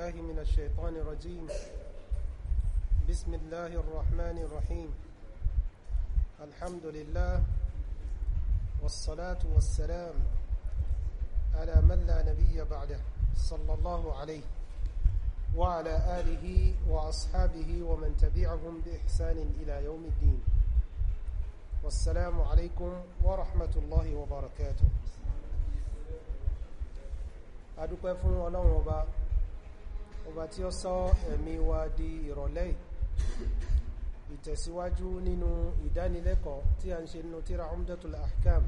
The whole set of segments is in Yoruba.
بالله من الشيطان الرجيم بسم الله الرحمن الرحيم الحمد لله والصلاة والسلام على من لا نبي بعده صلى الله عليه وعلى آله وأصحابه ومن تبعهم بإحسان إلى يوم الدين والسلام عليكم ورحمة الله وبركاته أدوك فون ولون وبركاته ọba tí ó sọ ẹ̀mí wa di ìrọ̀lẹ́ ìtẹ̀síwájú nínú ìdánilẹ́kọ̀ọ́ tí a ń ṣe nínú tíra umdatul ahkam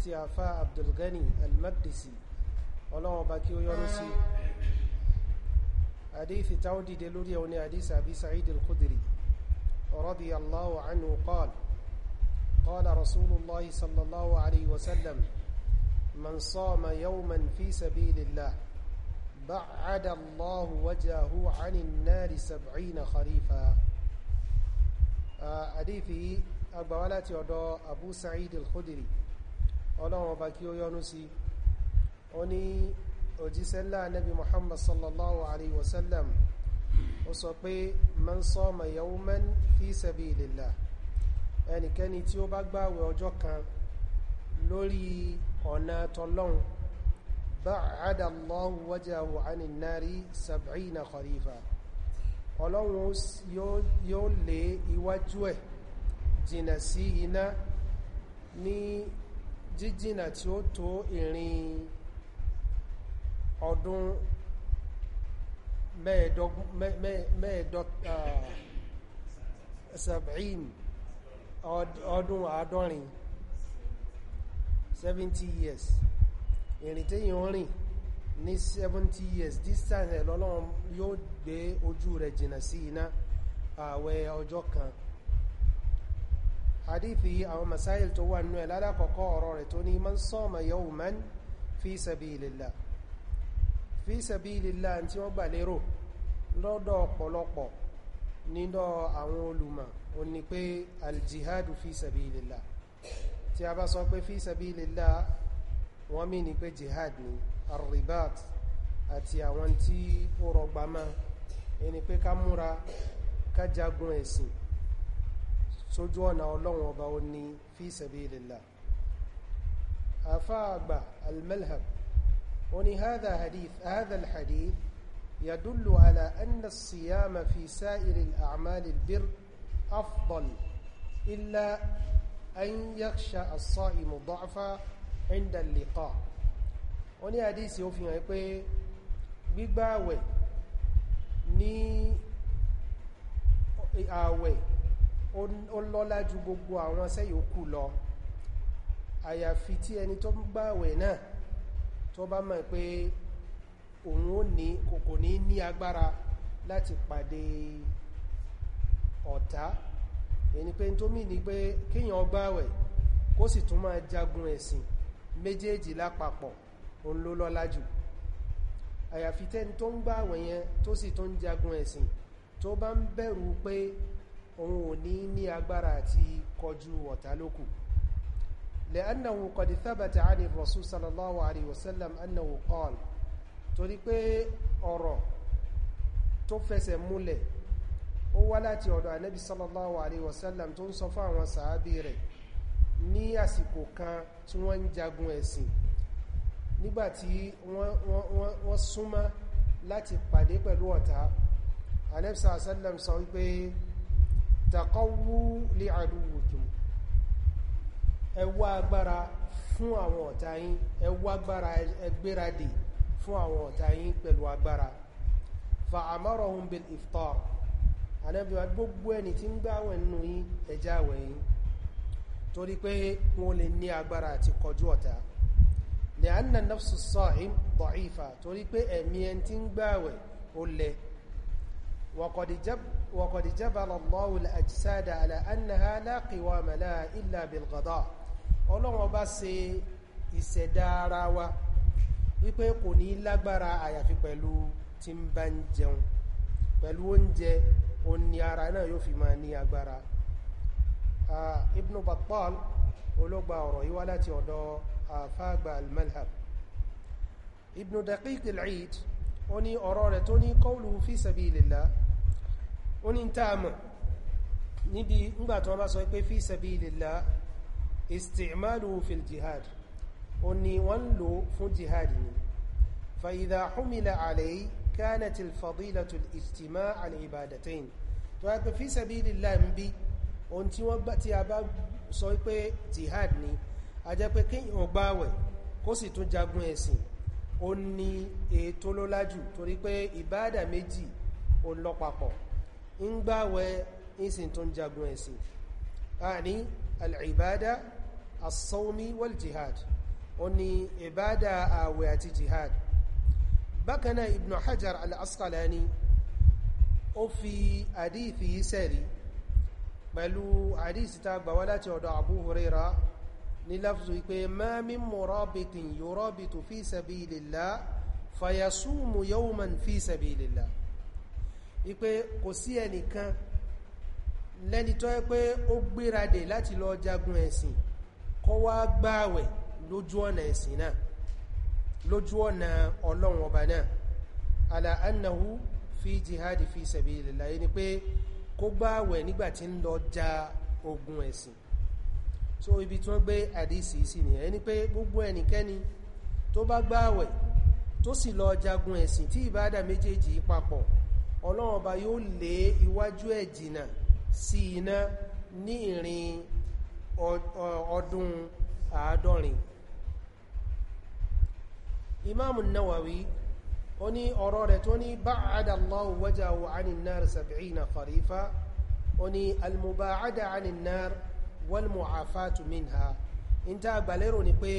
tí a fa abdulgani al-maqdisi ọlọ́wọ́ ọba kí ó yọ́nú sí hadithi táwọn lórí ẹ̀wọ̀n ni hadithi abi sa'id al-khudri radiyallahu anhu qala قال رسول الله صلى الله عليه وسلم من صام بعد الله وجهه عن النار سبعين خريفا حديثه أقبالة يدو أبو سعيد الخدري ọlọ́run ọba kí ó yọ́nú sí ó ní òjísẹ́lá nabi muhammad sallallahu alaihi wasallam ó sọ pé man sọ́ọ̀mà yawman fi sabilillah ẹnikẹ́ni tí ó bá gbáwẹ̀ ọjọ́ kan lórí ọ̀nà tọlọ́run بعد الله وجهه عن النار سبعين sab'ina kharifa ọlọ́run yóò lé iwájú ẹ̀ jìnà sí iná ní jíjìnà tí ó tó ìrìn ọdún mẹ́ẹ̀dọ́gbọ̀n ọdún àádọ́rin 70 years ìrìn téyìn ń rìn ní 70 years distance ẹ̀ lọ́lọ́run yóò gbé ojú rẹ̀ jìnà sí iná ààwẹ̀ ọjọ́ kan hadithi àwọn masáyìl tó wà nínú ẹ̀ lálákọ̀ọ́kọ́ ọ̀rọ̀ rẹ̀ tó ní man sọ́ọ̀mà yawman fi sabilillah fi sabilillah tí wọ́n gbà lérò lọ́dọ̀ ọ̀pọ̀lọpọ̀ nínú àwọn olùmọ̀ o ní pé aljihadu fi sabilillah tí a bá sọ pé fi sabilillah wọ́n mí ní pé jihad ni arribat àti àwọn tí ó rọgbà má ẹni pé ká múra ká jagun ẹ̀sìn sójú ọ̀nà ọlọ́run ọba ó ní fi sabilillah afáàgbà almalhab ó ní hadha hadith hadha alhadith يدل على أن الصيام في سائر الأعمال البر أفضل إلا أن يخشى الصائم ضعفا inda liqa wọ́n ní àdísì ó fi hàn pé gbígbà àwẹ̀ ní àwẹ̀ ó lọ́lá ju gbogbo àwọn sẹ́yòkù lọ àyàfi tí ẹni tó gbà àwẹ̀ náà tó bá mọ̀ pé òun ó ní kòkò ní ní agbára láti pàdé ọ̀tá ẹni pé tó mì ní pé kíyàn gbà àwẹ̀ kó sì tún máa jagun ẹ̀sìn méjèèjì lápapọ̀ òun ló lọ́lá jù àyàfi tẹ́ni tó ń gbá àwẹ̀ yẹn tó sì tó ń jagun ẹ̀sìn tó bá ń bẹ̀rù pé òun ò ní ní agbára àti kọjú ọ̀tá lókù lẹ́annahu qad thabata ani rasul sallallahu alaihi wasallam annahu qala torí pé ọ̀rọ̀ tó fẹsẹ̀ múlẹ̀ ó wá láti ọ̀dọ̀ ànábì sallallahu alaihi wasallam tó ń sọ fún àwọn sàábì rẹ̀ ní àsìkò kan tí wọ́n ń jagun ẹ̀sìn nígbàtí wọ́n súnmọ́ láti pàdé pẹ̀lú ọ̀tá anẹ́bsa asallam sọ wípé takọ́wú lè àdúwòkùn ẹwà agbára fún àwọn ọ̀tá yín ẹwà agbára ẹgbéradè fún àwọn ọ̀tá yín pẹ̀lú agbára fa àmọ́rọ̀ ohun bil iftar anẹ́bsa gbogbo ẹni tí ń gbáwẹ̀ nínú yín ẹjáwẹ̀ yín torí pé wọ́n lè ní agbára àti kọjú ọ̀tá lẹ́ànà nafsu sa'im da'ifa torí pé ẹ̀mí ẹn tí ń gbààwẹ̀ ó lẹ وقد جبل الله الأجساد على أنها لا قوام لها إلا بالغضاء ibn battal ológba ọ̀rọ̀ yíwá láti ọ̀dọ̀ àfáàgbà al-malhab ibn daqiq al-eid ó ní ọ̀rọ̀ rẹ̀ tó ní qawlu fi sabilillah ó ní táàmù níbi ńgbàtọ́ bá sọ pé fi sabilillah istimalu fil jihad ó ní wọ́n lò fún jihad ni fa idha humila alayhi kanat al-fadilatu al-ijtima' al-ibadatayn tó wá ń bí ohun tí wọ́n gbá tí a bá sọ pé jihad ni a jẹ́ pé kíyàn gbáwẹ̀ kó sì tún jagun ẹ̀sìn ó ní ètò lólájù torí pé ìbáàdà méjì ó lọ papọ̀ ń gbáwẹ̀ ìsìn tún jagun ẹ̀sìn àní al'ibada as-sawmi wal jihad ó ní ìbáàdà àwẹ̀ àti jihad bákanáà ibn hajar al ó fi àdífi sẹ́rìí pẹ̀lú àdísíta gbàwá láti ọ̀dọ̀ Abu Huraira ní láfzù wípé ma min murabitin yurabitu fi sabilillah fayasumu yawman fi sabilillah wípé kò sí ẹnìkan lẹ́ni tó yẹ pé ó gbéradè láti lọ jagun ẹ̀sìn kó wá gbààwẹ̀ lójú ọ̀nà ẹ̀sìn náà lójú ọ̀nà ọlọ́run ọba náà ala annahu fi jihadi fi sabilillah yìí ni pé kó gbààwẹ̀ nígbà tí ń lọ ja ogun ẹ̀sìn so ibi tí wọ́n gbé àdísì sí ni ẹni pé gbogbo ẹnikẹ́ni tó bá gbààwẹ̀ tó sì lọ jagun ẹ̀sìn tí ìbádà méjèèjì papọ̀ ọlọ́run yóò lé iwájú ẹ̀ sí iná ní ìrìn ọdún àádọ́rin Imam Nawawi ó ní ọ̀rọ̀ rẹ̀ tó ní ba'ada Allahu wajahu 'anil nar sab'ina kharifa ó ní al-muba'ada 'anil nar wal-mu'afatu minha in ta gbàlérò ni pé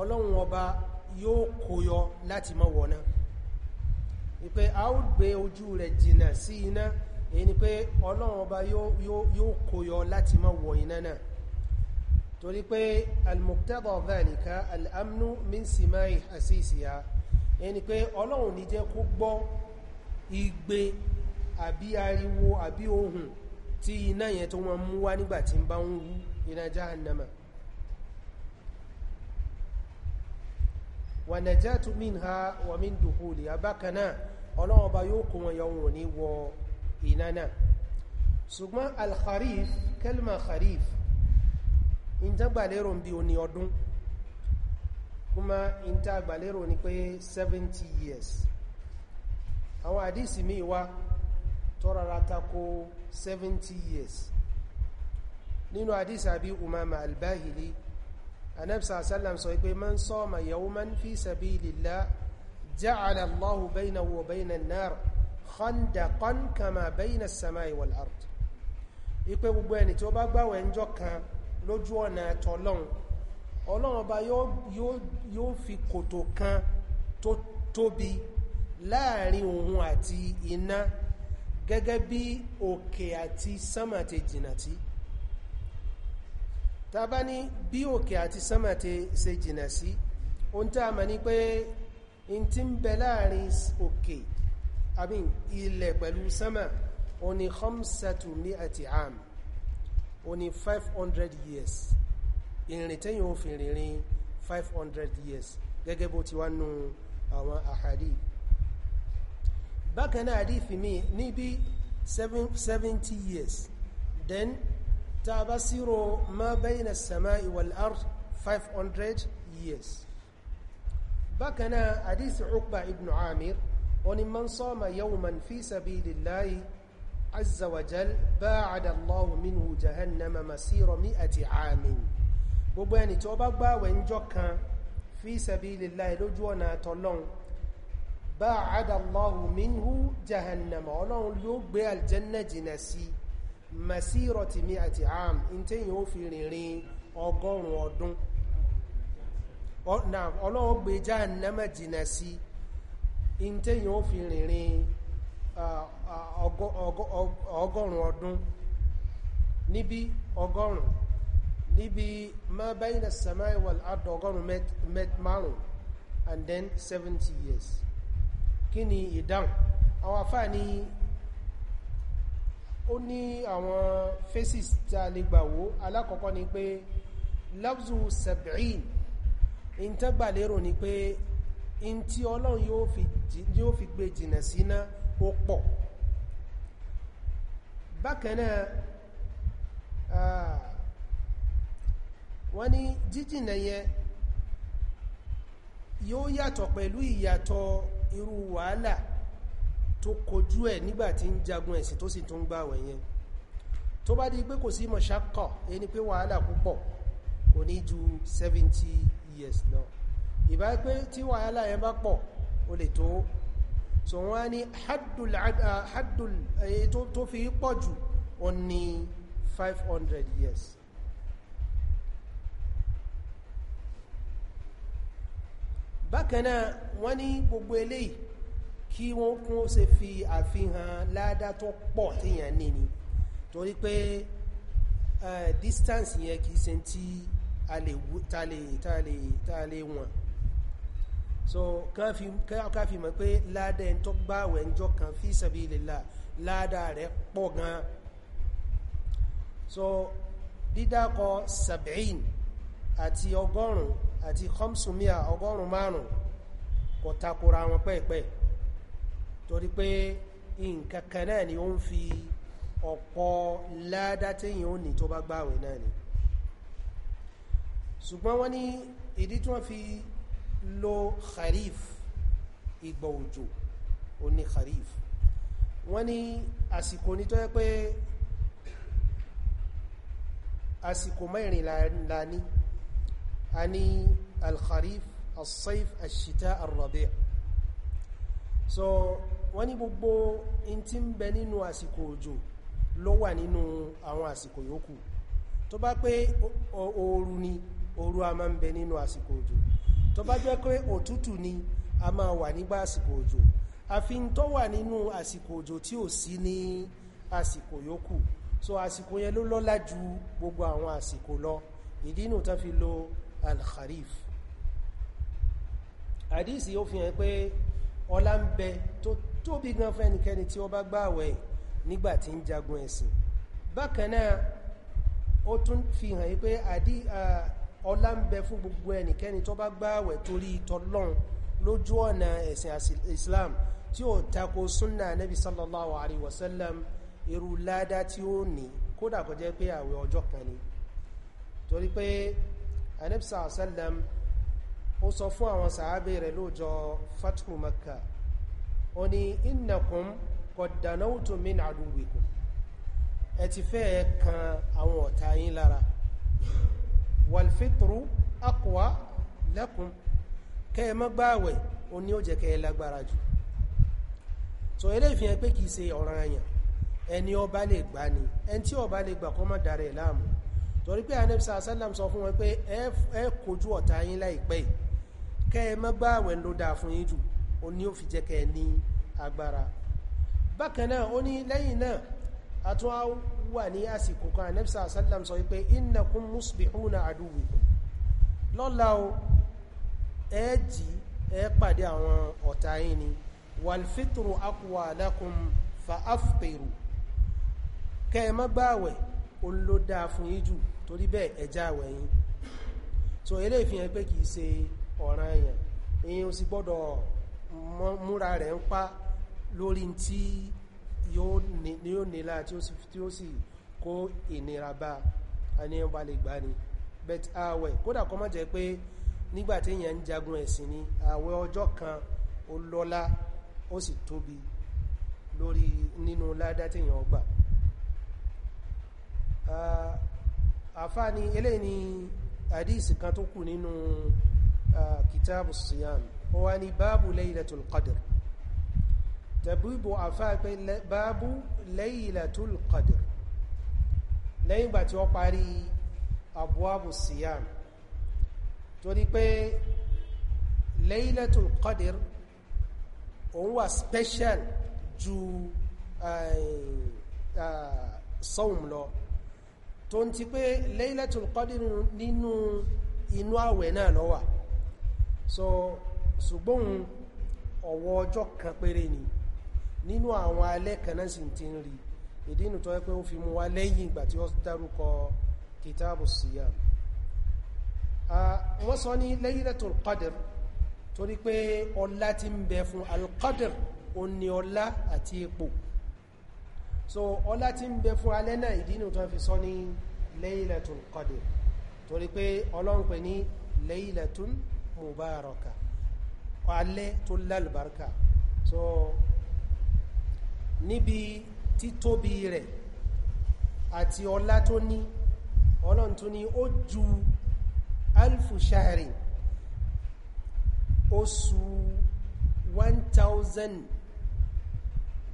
ọlọ́run ọba yóò kóyọ láti má wọ̀ná ìpé a ó gbé ojú rẹ̀ jìnà sí iná èyí ni pé ọlọ́run ọba yóò kóyọ láti má wọ̀ iná náà torí pé al-muqtada dhalika al min simai hasisiya ẹni pé ọlọ́run ní jẹ́ kó gbọ́ igbe àbí ariwo àbí ohun tí iná yẹn tó wọ́n mú wá nígbà tí ń bá ń wú iná jahannama wà najatu minha wà min duhuli abákaná ọlọ́run ọba yóò kó wọn yọun ní wọ iná náà ṣùgbọ́n alkharif kelma kharif ìjọba lérò bí o ní ọdún kuma in ta gbàlérò ni pé 70 years àwọn àdísì míì wá tọ́rara tako 70 years nínú àdísì àbí umama albahili anabsa sallam sọ pé man sọ́ọ̀mà yawman fi sabilillah ja'ala allahu baynahu wa bayna an-nar khandaqan kama bayna as-samai wal ard ipe gbogbo ẹni tí ó bá gbààwẹ̀ ńjọ́ kan lójú ọ̀nà tọlọ́hun ọlọ́run ọba yóò fi kòtò kan tó tóbi láàrin òun àti iná gẹ́gẹ́ bí òkè àti sánmà ti jìnà tí ta bá ní bí òkè àti sánmà ti ṣe jìnà sí ohun tí a mọ̀ ní pé in ti ń bẹ láàrin òkè àbí ilẹ̀ pẹ̀lú sánmà o ni khamsatu mi'ati am o ni 500 years ìrìn tẹ́yìn ò fi rìnrìn 500 years gẹ́gẹ́ bó ti wá nú àwọn àhàdì bákan náà àdífì mi níbi 70 years then tá a bá sírò ma bayna as-sama'i wal-ard 500 years bákan náà àdífì Uqba ibn Amir oni man sọ́ma yawman fi sabilillahi azza wa jal ba'ada minhu jahannama masira mi'ati amin gbogbo ẹni tí ó bá gbààwẹ̀ ńjọ́ kan fi sabilillahi lójú ọ̀nà àtọ́lọ́run ba'ada Allahu minhu jahannama ọlọ́run yóò gbé aljanna jìnà sí masirati mi'ati am in tẹ́yìn ó fi rìnrìn ọgọ́rùn ọdún ọlọ́run gbé jahannama jìnà sí in tẹ́yìn ó fi rìnrìn ọgọ́rùn ọdún níbi ọgọ́rùn níbi ma bayna as-samai wal ard ọgọ́rùn márùn and then 70 years kí ni ìdáhùn àwọn afá ní ó ní àwọn phases tí a lè gbàwó alákọ̀ọ́kọ́ ni pé lafzu sab'in in tẹ́gbà lérò ni pé in tí ọlọ́run yóò fi gbé jìnà síná ó pọ̀ bákanáà ah, wọ́n ní jíjìnà yẹn yóò yàtọ̀ pẹ̀lú ìyàtọ̀ irú wàhálà tó kojú ẹ̀ nígbàtí ń jagun ẹ̀sìn tó sì tún gbààwẹ̀ yẹn tó bá di pé kò sí mọ̀ṣákọ̀ ẹni pé wàhálà púpọ̀ kò ní ju 70 years lọ ìbá pé tí wàhálà yẹn bá pọ̀ ó lè tó so wọ́n á ní haddul haddul tó fi pọ̀ jù ó ní 500 years bákanáà wọ́n ní gbogbo eléyìí kí wọ́n kún ṣe fi àfihàn ládá tó pọ̀ tíyàn ní ni torí pé distance yẹn kìí ṣe tí a lè wọ̀n so ká fi mọ̀ pé ládá ẹn tó gbáwẹ̀ ń jọ kan fi sabilillah ládá rẹ̀ pọ̀ gan so dídákọ̀ 70 àti ọgọ́rùn àti khamsumia ọgọ́rùn márùn kò takora wọn pẹ́ẹ̀pẹ́ torí pé nǹkan náà ni ó ń fi ọ̀pọ̀ ládá téèyàn ó ní tó bá gbààwẹ̀ náà ni ṣùgbọ́n wọ́n ní ìdí tí wọ́n fi lo kharif ìgbà òjò ó ní kharif wọ́n ni àsìkò ní tó yẹ pé àsìkò mẹ́rin la la, a ní alkharif asaif ashita arrabi so wọ́n ní gbogbo in tí ń bẹ nínú àsìkò òjò ló wà nínú àwọn àsìkò yòókù tó bá pé ooru ni ooru a máa ń bẹ nínú àsìkò òjò tó bá jẹ́ pé òtútù ni a máa wà nígbà àsìkò òjò àfi ń tó wà nínú àsìkò òjò tí ò sí ní àsìkò yòókù so àsìkò yẹn ló lọ́lá ju gbogbo àwọn àsìkò lọ ìdí inú fi lo al-kharif àdísì ó fi hàn pé ọlá ń bẹ tó tóbi gan fẹ́nikẹ́ni tí ó bá gbààwẹ̀ nígbà tí ń jagun ẹ̀sìn bákan náà ó tún fi hàn pé ọlá ń bẹ fún gbogbo ẹnikẹ́ni tó bá gbààwẹ̀ torí tọlọ́run lójú ọ̀nà ẹ̀sìn islam tí ó tako súnnà nẹ́bí sallallahu alaihi wasallam irú ládá tí ó ní kódà pé àwẹ̀ ọjọ́ kan ni torí pé anibsa asalam ó sọ fún àwọn sàábé rẹ̀ lóòjọ́ fathu makka ó ní innakum qaddanawtu min aduwikum ẹ ti fẹ́ kan àwọn ọ̀tá yín lára walfitru aqwa lakum kẹ́ ẹ má gbààwẹ̀ ó ní ó jẹ́ kẹ́ ẹ lágbára jù so eléyìí fi pé kìí ṣe ọ̀ranyàn ẹni ó lè gbà ni ẹni tí ó lè gbà kó má dara ẹ̀ torí pé anabi sàásálàm sọ fún wọn pé ẹ kojú ọ̀tá yín láìpẹ́ kẹ́ ẹ má gbààwẹ̀ ló dáa fún yín jù ó ní ó fi jẹ́ kẹ́ ní agbára bákan náà ní lẹ́yìn náà a tún wà ní àsìkò kan àwọn ọ̀tá yín ni walfitru kẹ́ ẹ má gbààwẹ̀ ó ló dáa fún yín torí bẹ́ẹ̀ ẹja àwẹ̀yìn so eré ìfihàn pé kìí ṣe ọ̀ràn èèyàn èèyàn sì gbọ́dọ̀ múra rẹ̀ ń pa lórí tí yóò nílá tí ó sì kó ìnira bá àníyàn bá lè gbá ni bet àwẹ̀ kódà kọ́ má jẹ́ pé nígbàtí èèyàn ń jagun ẹ̀sìn ni àwẹ̀ ọjọ́ kan ó lọ́lá ó sì tóbi lórí nínú ládá tí èèyàn gbà ah, àfáàní ilé ni àdísì kan tó kù nínú kìtàbù siyam ó wá ní báàbù laylatul qadr tàbíbò àfáà pé báàbù laylatul qadr lẹ́yìn ìgbà tí ó parí abwabu siyam torí pé laylatul qadr òun wà special ju sọ́ùm lọ tó ń ti pé Laylatul Qadr nínú inú àwẹ̀ náà ló wà so ṣùgbọ́n ọ̀wọ́ ọjọ́ kan péré ni nínú àwọn alẹ́ kan náà sì ti ń rí ìdí tó yẹ pé ó fi mú wa lẹ́yìn ìgbà tí ó dárúkọ kìtàbù siyam wọ́n sọ ní Laylatul Qadr torí pé ọlá ti ń bẹ fún al ó ní ọlá àti ipò so ọlá tí ń bẹ fún alẹ́ náà ìdí inú tó fi sọ ní Laylatul Qadr torí pé ọlọ́run ní Laylatul Mubaraka alẹ́ tó lálùbáríkà so níbi títóbi rẹ̀ àti ọlá tó ní ọlọ́run tó ní ó ju alfu shahri oṣù 1000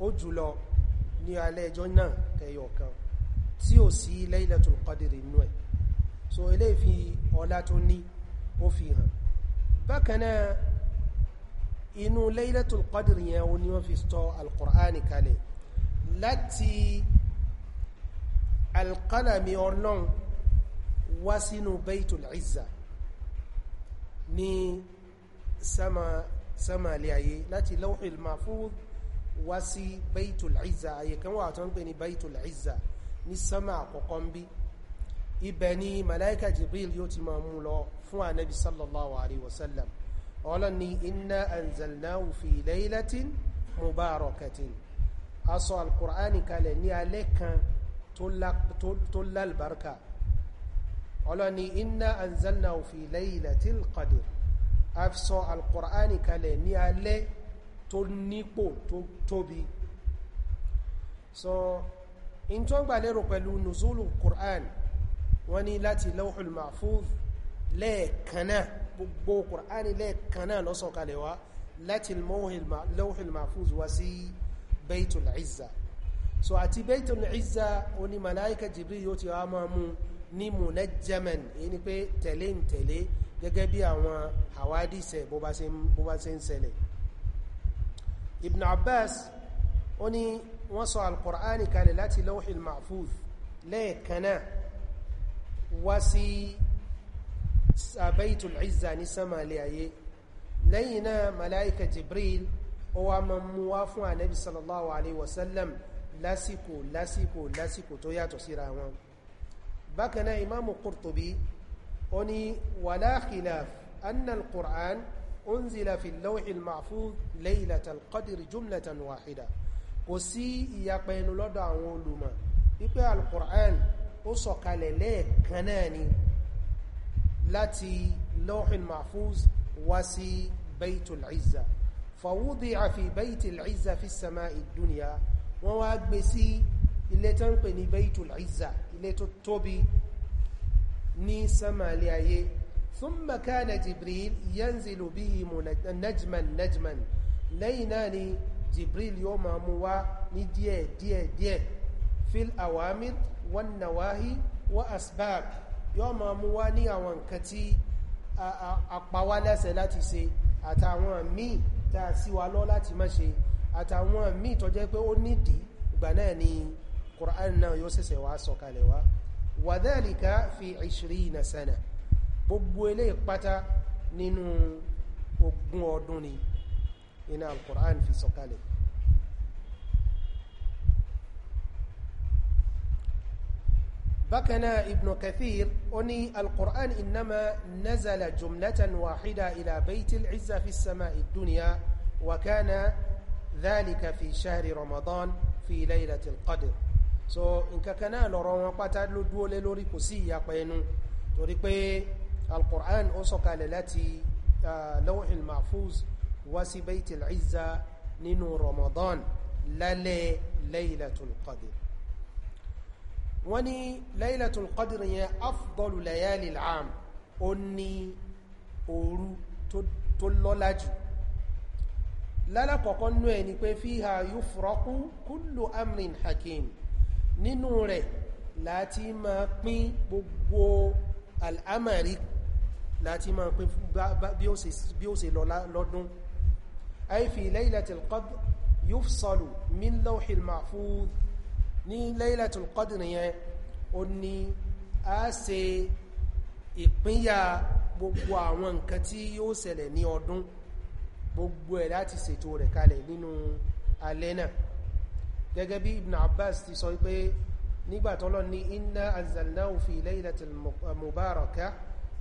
ó jùlọ ní alẹ́ ẹjọ́ náà ẹyọ kan tí ò sí Laylatul Qadr nínú ẹ̀ so ilé fi ọlá tó ní ó fi hàn bákan náà inú Laylatul Qadr yẹn ó ní wọ́n fi sọ alkùránì kalẹ̀ láti alkálàmì ọlọ́run wá sínú Baitul Izza ní sama sama ilé láti Lawhil Mahfuz wá sí baitul izza àyè kan wà tó ń pè ní baitul izza ní sánmà àkọ́kọ́ ń bí ibẹ̀ ni malaika jibril yóò ti máa mú lọ fún anabi sallallahu alaihi wasallam ọlọ́ni inna anzalnahu tó nípò tó tóbi so in tó gbà lérò pẹ̀lú nùzúlù Qur'an wọ́n ní láti lawhul mahfuz lẹ́ẹ̀kanáà gbogbo Qur'an lẹ́ẹ̀kanáà ló sọ̀kalẹ̀ wá láti lawhul mahfuz wá sí baitul izza so àti baitul izza oní malaika jibril yóò ti wá máa mú ní munajjaman èyí ni pé tẹ̀lé ń tẹ̀lé gẹ́gẹ́ bí àwọn hawadise bó bá ṣe ń ṣẹlẹ̀ ibn abbas ó ní wọ́n sọ alkùránì kalẹ̀ láti lawhil mahfuz lẹ́ẹ̀kaná wá sí baitul izza ní sama ilé ayé lẹ́yìn náà malaika jibril ó wá ma mú wá fún ànábì sallallahu alaihi wasallam lásìkò lásìkò lásìkò tó yàtọ̀ síra wọn bákanáà imáàmù qurtubi ó ní wala annal qur'an unzila fi lawhi al-mahfuz laylat al-qadr jumlatan wahida kò sí ìyapa ẹnu lọ́dọ̀ àwọn olùmọ̀ wípé al-Qur'an ó sọ̀kalẹ̀ lẹ́ẹ̀kan náà ni láti lawhi al-mahfuz wá sí baitul izza fawudi'a fi baitul izza fi as-sama'i ad-dunya wọ́n wá gbé sí ilé tó ń pè ní izza ilé tó tóbi ní sánmà ilé ayé ثم كان جبريل ينزل به نجما نجما ليناني جبريل يوم موا ندي دي دي في الأوامر والنواهي وأسباب يوم موا ني àwọn kan tí apa wá lẹ́sẹ̀ láti ṣe àtàwọn míì tá a sí wa lọ láti má ṣe àtàwọn míì tó jẹ́ pé ó nídìí ìgbà náà ni Qur'an náà yóò ṣẹ̀ṣẹ̀ wá sọ̀kalẹ̀ wá وذلك في 20 سنة gbogbo eléyìí pátá nínú ogún ọdún ni iná alkùnrán fi sọ̀kalẹ̀ bákaná ibn kathir ó ní alkùnrán ináma nazala jùmlatan wàhídà ila baitil izza fi sama ìdúniyà wa kana dhalika fi shahri ramadan fi laylatil qadr so nǹkan kan náà lọ́rọ̀ wọn pátá ló dúó lé lórí kò sí ìyapa ẹnu torí pé alkùrán ó sọ̀kalẹ̀ láti lawhil mahfuz wá sí baitul izza nínú ramadan lálẹ́ laylatul qadr wọ́n ní laylatul qadr yẹn afdalu layali al'am ó ní òru tó lọ́lá jù lálàkọ̀ọ́kọ́ nú ẹ̀ ni pé fiha yufraqu kullu amrin hakim nínú rẹ̀ láti máa pín gbogbo al'amari láti máa pín bí ó ṣe lọ lọ́dún ay fi laylatil qadr yufsalu min lawhil mahfuz ní laylatil qadr yẹn ó ní a ṣe ìpínyà gbogbo àwọn nǹkan tí yóò ṣẹlẹ̀ ní ọdún gbogbo ẹ̀ láti ṣètò rẹ̀ kalẹ̀ nínú alẹ́ náà gẹ́gẹ́ bí Ibn Abbas ti sọ pé nígbàtọ́lọ́ ní inna anzalnahu fi laylatil mubarakah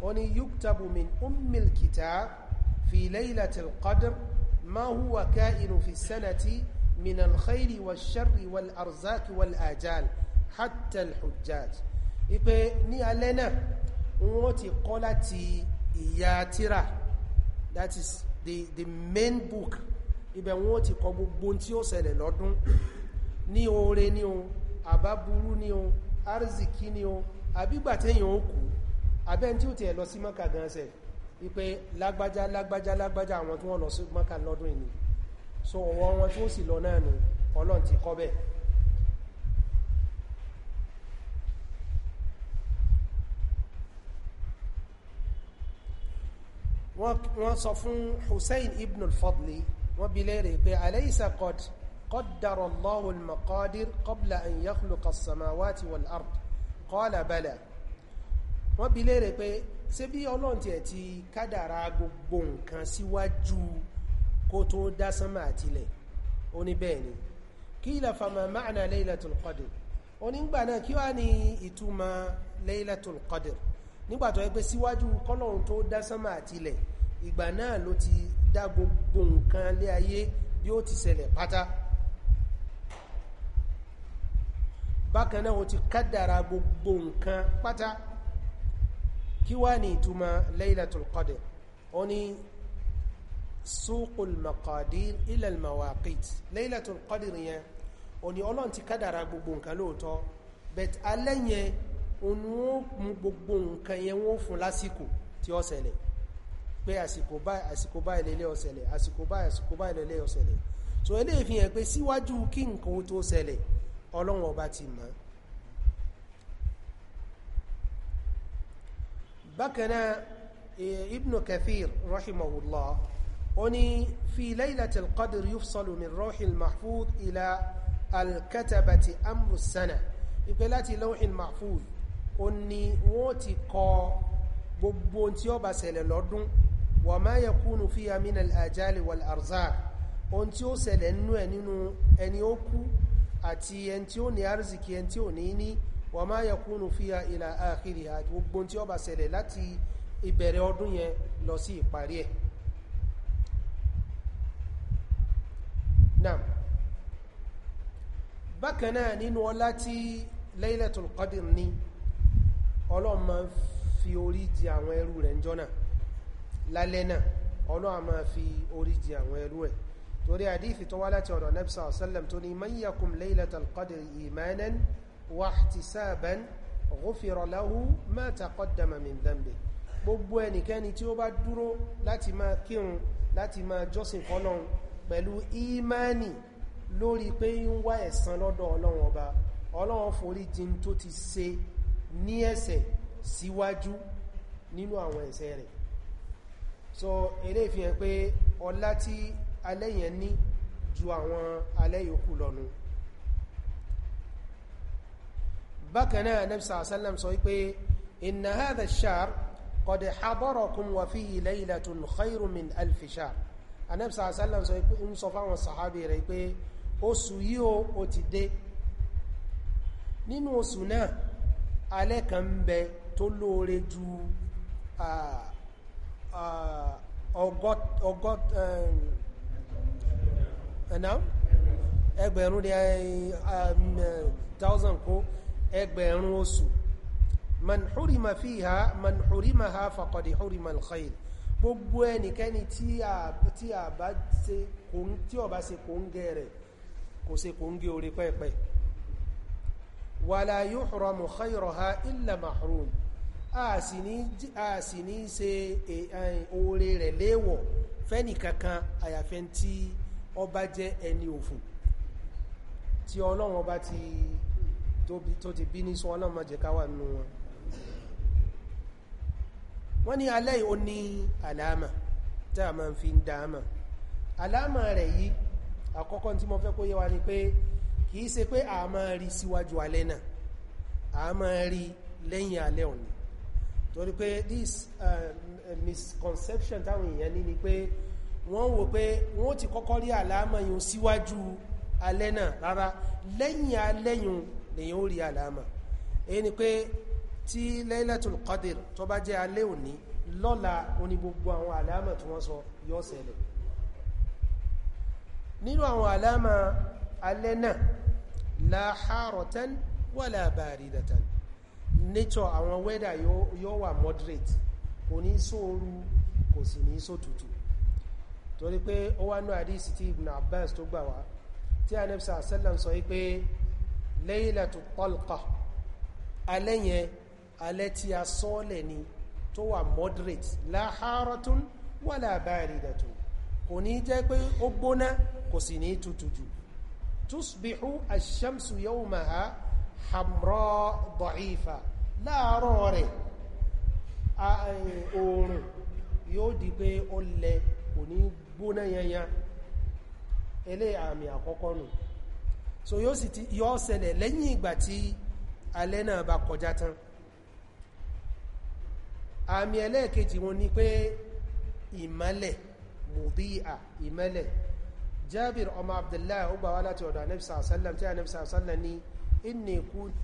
وني يكتب من أم الكتاب في ليلة القدر ما هو كائن في السنة من الخير والشر والأرزاق والآجال حتى الحجاج ipe ní alẹ́ náà ti kọ́ láti ìyá that is the, the main book ibẹ̀ wọ́n ti kọ gbogbo tí ó ṣẹlẹ̀ lọ́dún ní oore ní o àbábúrú ní o arziki ní o àbígbàtẹ́yìn ó kú abẹ́ni tí ó tiẹ̀ lọ sí mọ́kà gan sẹ̀ wípé lágbájá lágbájá lágbájá àwọn tí wọ́n lọ sí mọ́kà lọ́dún ìní so ọwọ́ wọn tí ó sì lọ náà nù ọlọ́run ti kọ́ bẹ́ẹ̀ wọ́n sọ fún Hussein ibn al-Fadli wọ́n bi léèrè pé alaysa qad qaddara Allahu al-maqadir qabla an yakhluqa as ard qala bala wọ́n bi léèrè pé ṣé bí ọlọ́run tiẹ̀ ti kádàrá gbogbo nǹkan síwájú kó tó dá sánmà àtilẹ̀ ó ní bẹ́ẹ̀ ni kí ilẹ̀ fama máàna Laylatul Qadr onígbà náà kí wá ní ìtumọ̀ Laylatul Qadr nígbà tó yẹ pé síwájú kọ́lọ́run tó dá sánmà àtilẹ̀ ìgbà náà ló ti dá gbogbo nǹkan lé ayé bí ó ti ṣẹlẹ̀ pátá bákan náà ó ti kádàrá gbogbo nǹkan pátá kí wá ní ìtumọ̀ laylatul qadr ó ní suqul maqadir ila al mawaqit laylatul qadr yẹn ó ní ọlọ́run ti kádàrà gbogbo nǹkan lóòótọ́ bet alẹ́ yẹn òun ó mú gbogbo nǹkan yẹn wọ́n fún lásìkò tí ó ṣẹlẹ̀ pé àsìkò báyìí àsìkò báyìí àsìkò báyìí àsìkò báyìí بكنا ابن كثير رحمه الله أني في ليلة القدر يفصل من روح المحفوظ إلى الكتبة أمر السنة إبقالات لوح المحفوظ أني وتقى gbogbo tí ó bá ṣẹlẹ̀ lọ́dún wà máa yẹ kúnnù fíya mínà àjálì wà arzak ohun tí ó ṣẹlẹ̀ nínú ẹ̀ nínú ẹni ó kú àti ẹni tí ó ní arziki ẹni tí ó ní ní wa ma yakunu fiha ila akhiriha àti gbogbo tí ó bá ṣẹlẹ̀ láti ìbẹ̀rẹ̀ ọdún yẹn lọ sí ìparí ẹ̀ náà bákan náà nínú ọlá tí Laylatul Qadr ní Ọlọ́run máa ń fi orí jì àwọn ẹrú rẹ̀ ń jọ́nà lálẹ́ náà Ọlọ́run fi orí jì àwọn ẹrú ẹ̀ torí àdífì tó wá láti ọ̀dọ̀ Nabi sallallahu tó ní man yakum Laylatul Qadr wàhtísáàbán غفر له ما تقدم من ذنبه gbogbo ẹnikẹ́ni tí ó bá dúró láti máa kírun láti máa jọ́sìn fọ́lọ́run pẹ̀lú ìmáni lórí pé ń wá ẹ̀san lọ́dọ̀ ọlọ́run ọba ọlọ́run forí jìn tó ti ṣe ní ẹ̀ṣẹ̀ síwájú nínú àwọn ẹ̀ṣẹ̀ rẹ̀ so eré ìfihàn pé ọlá tí alẹ́yẹn ní ju àwọn alẹ́ lọ́nu bákanáà nabi sallam sọ wípé inna hadha ash-shahr qad hadarakum wa fihi laylatun khayrun min alfi shahr anabi sallam sọ wípé ń sọ fáwọn sahabi rẹ̀ pé oṣù yìí o ti dé nínú oṣù náà alẹ́ kan ń bẹ tó lóore ju ẹgbẹ̀rún ni 1000 kó ẹgbẹ̀rún oṣù man hurima fiha man hurima ha faqad hurima al-khayr gbogbo ẹnikẹ́ni tí a bá ṣe tí ó bá kò ń gẹ rẹ̀ kò ṣe kò ń gẹ orí pẹ́ẹ̀pẹ́ wala yuhramu khayraha illa mahrum a sì ní ṣe e, e, oore rẹ̀ léèwọ̀ fẹ́ni kankan àyàfẹ́ tí ó jẹ́ ẹni òfò tí ọlọ́run ọba ti tó ti bí ní sọ ọlọ́mọ jẹ káwà nínú wọn wọ́n ní alẹ́ ò ní àlàámà tí a máa fi ń dáámà àlàámà rẹ̀ yìí àkọ́kọ́ tí mo fẹ́ kó yé wa ni pé kìí ṣe pé a máa rí síwájú alẹ́ náà a máa rí lẹ́yìn alẹ́ òní torí pé this uh, misconception táwọn èèyàn ní ni pé wọ́n wò pé wọ́n ti kọ́kọ́ rí àlàámà yìí síwájú alẹ́ náà rárá lẹ́yìn alẹ́yìn lèyìn ó rí àlàmà èyí ni pé tí Laylatul Qadr tó bá jẹ́ alẹ́ òní lọ́la oní gbogbo àwọn àlàmà tí wọ́n sọ yóò ṣẹlẹ̀ nínú àwọn àlàmà alẹ́ náà la haratan wala baridatan nature àwọn weather yóò wà moderate kò ní sóoru kò sì ní sótútù torí pé ó wá ní àdísì tí Ibn Abbas tó gbà wá tí anẹ́bsà sallam sọ wípé Laylatu Talqa alẹ́ yẹn alẹ́ tí a sọ́ọ̀lẹ̀ ni tó wà moderate la haratun wala baridatun kò ní jẹ́ pé ó gbóná kò sì ní tutù jù tusbihu ash-shamsu yawmaha hamra da'ifa láàárọ̀ rẹ̀ eh, oòrùn yóò di pé ó lẹ kò ní gbóná yanyan eléyìí àmì àkọ́kọ́ nù so yóò sì ti yọ́ ṣẹlẹ̀ lẹ́yìn ìgbà tí alẹ́ náà bá kọjá tán àmì ẹlẹ́ẹ̀kejì wọn ni pé ìmọ́lẹ̀ mùdíà ìmọ́lẹ̀ jabir ọmọ abdullahi ó gbà wá láti ọ̀dọ̀ anẹ́bisa àṣálàm tí anẹ́bisa àṣálàm ní inni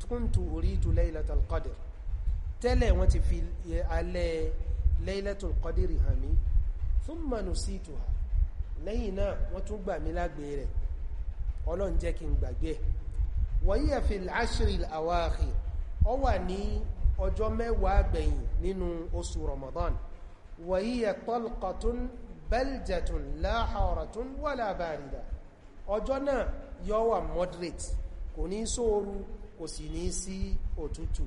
kuntu uritu laylatul qadr tẹ́lẹ̀ wọ́n ti fi e, alẹ́ laylatul lẹ́yìn náà wọ́n tún gbà mí lágbé rẹ̀ ọlọ́run jẹ́ kí n gbàgbé wọ̀nyí ẹ̀fì láṣírí àwáàkì ọ wà ní ọjọ́ mẹ́wàá gbẹ̀yìn nínú oṣù Ramadan wọ̀nyí ẹ̀ tọ́lùkọ̀tún bẹ́lìjẹ̀tún láhàọ̀rọ̀tún wà lábàrìdà ọjọ́ náà yọ wà moderate kò ní sóoru kò sì ní sí òtútù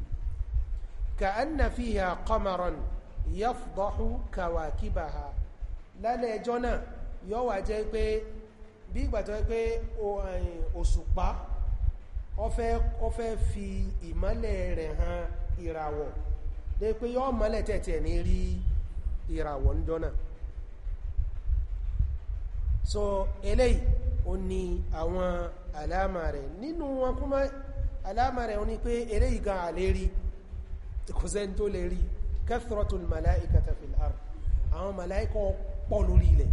ka anna fiha qamaran yafdahu kawakibaha lálẹ́ ẹjọ́ náà yọ wà jẹ́ pé bí ìgbà tó pé òṣùpá ó fẹ́ fi ìmọ́lẹ̀ rẹ̀ hàn ìràwọ̀ dé pé yọ́ mọ́lẹ̀ tẹ̀tẹ̀ ní rí ìràwọ̀ ń jọ́nà so eléyìí ó ní àwọn àlámà rẹ̀ nínú wọn kúmọ́ àlámà rẹ̀ ó ní pé eléyìí gan àlérí kò sẹ́ni tó lè rí kathratul malaikata fil àwọn màláìkà pọ̀ lórí ilẹ̀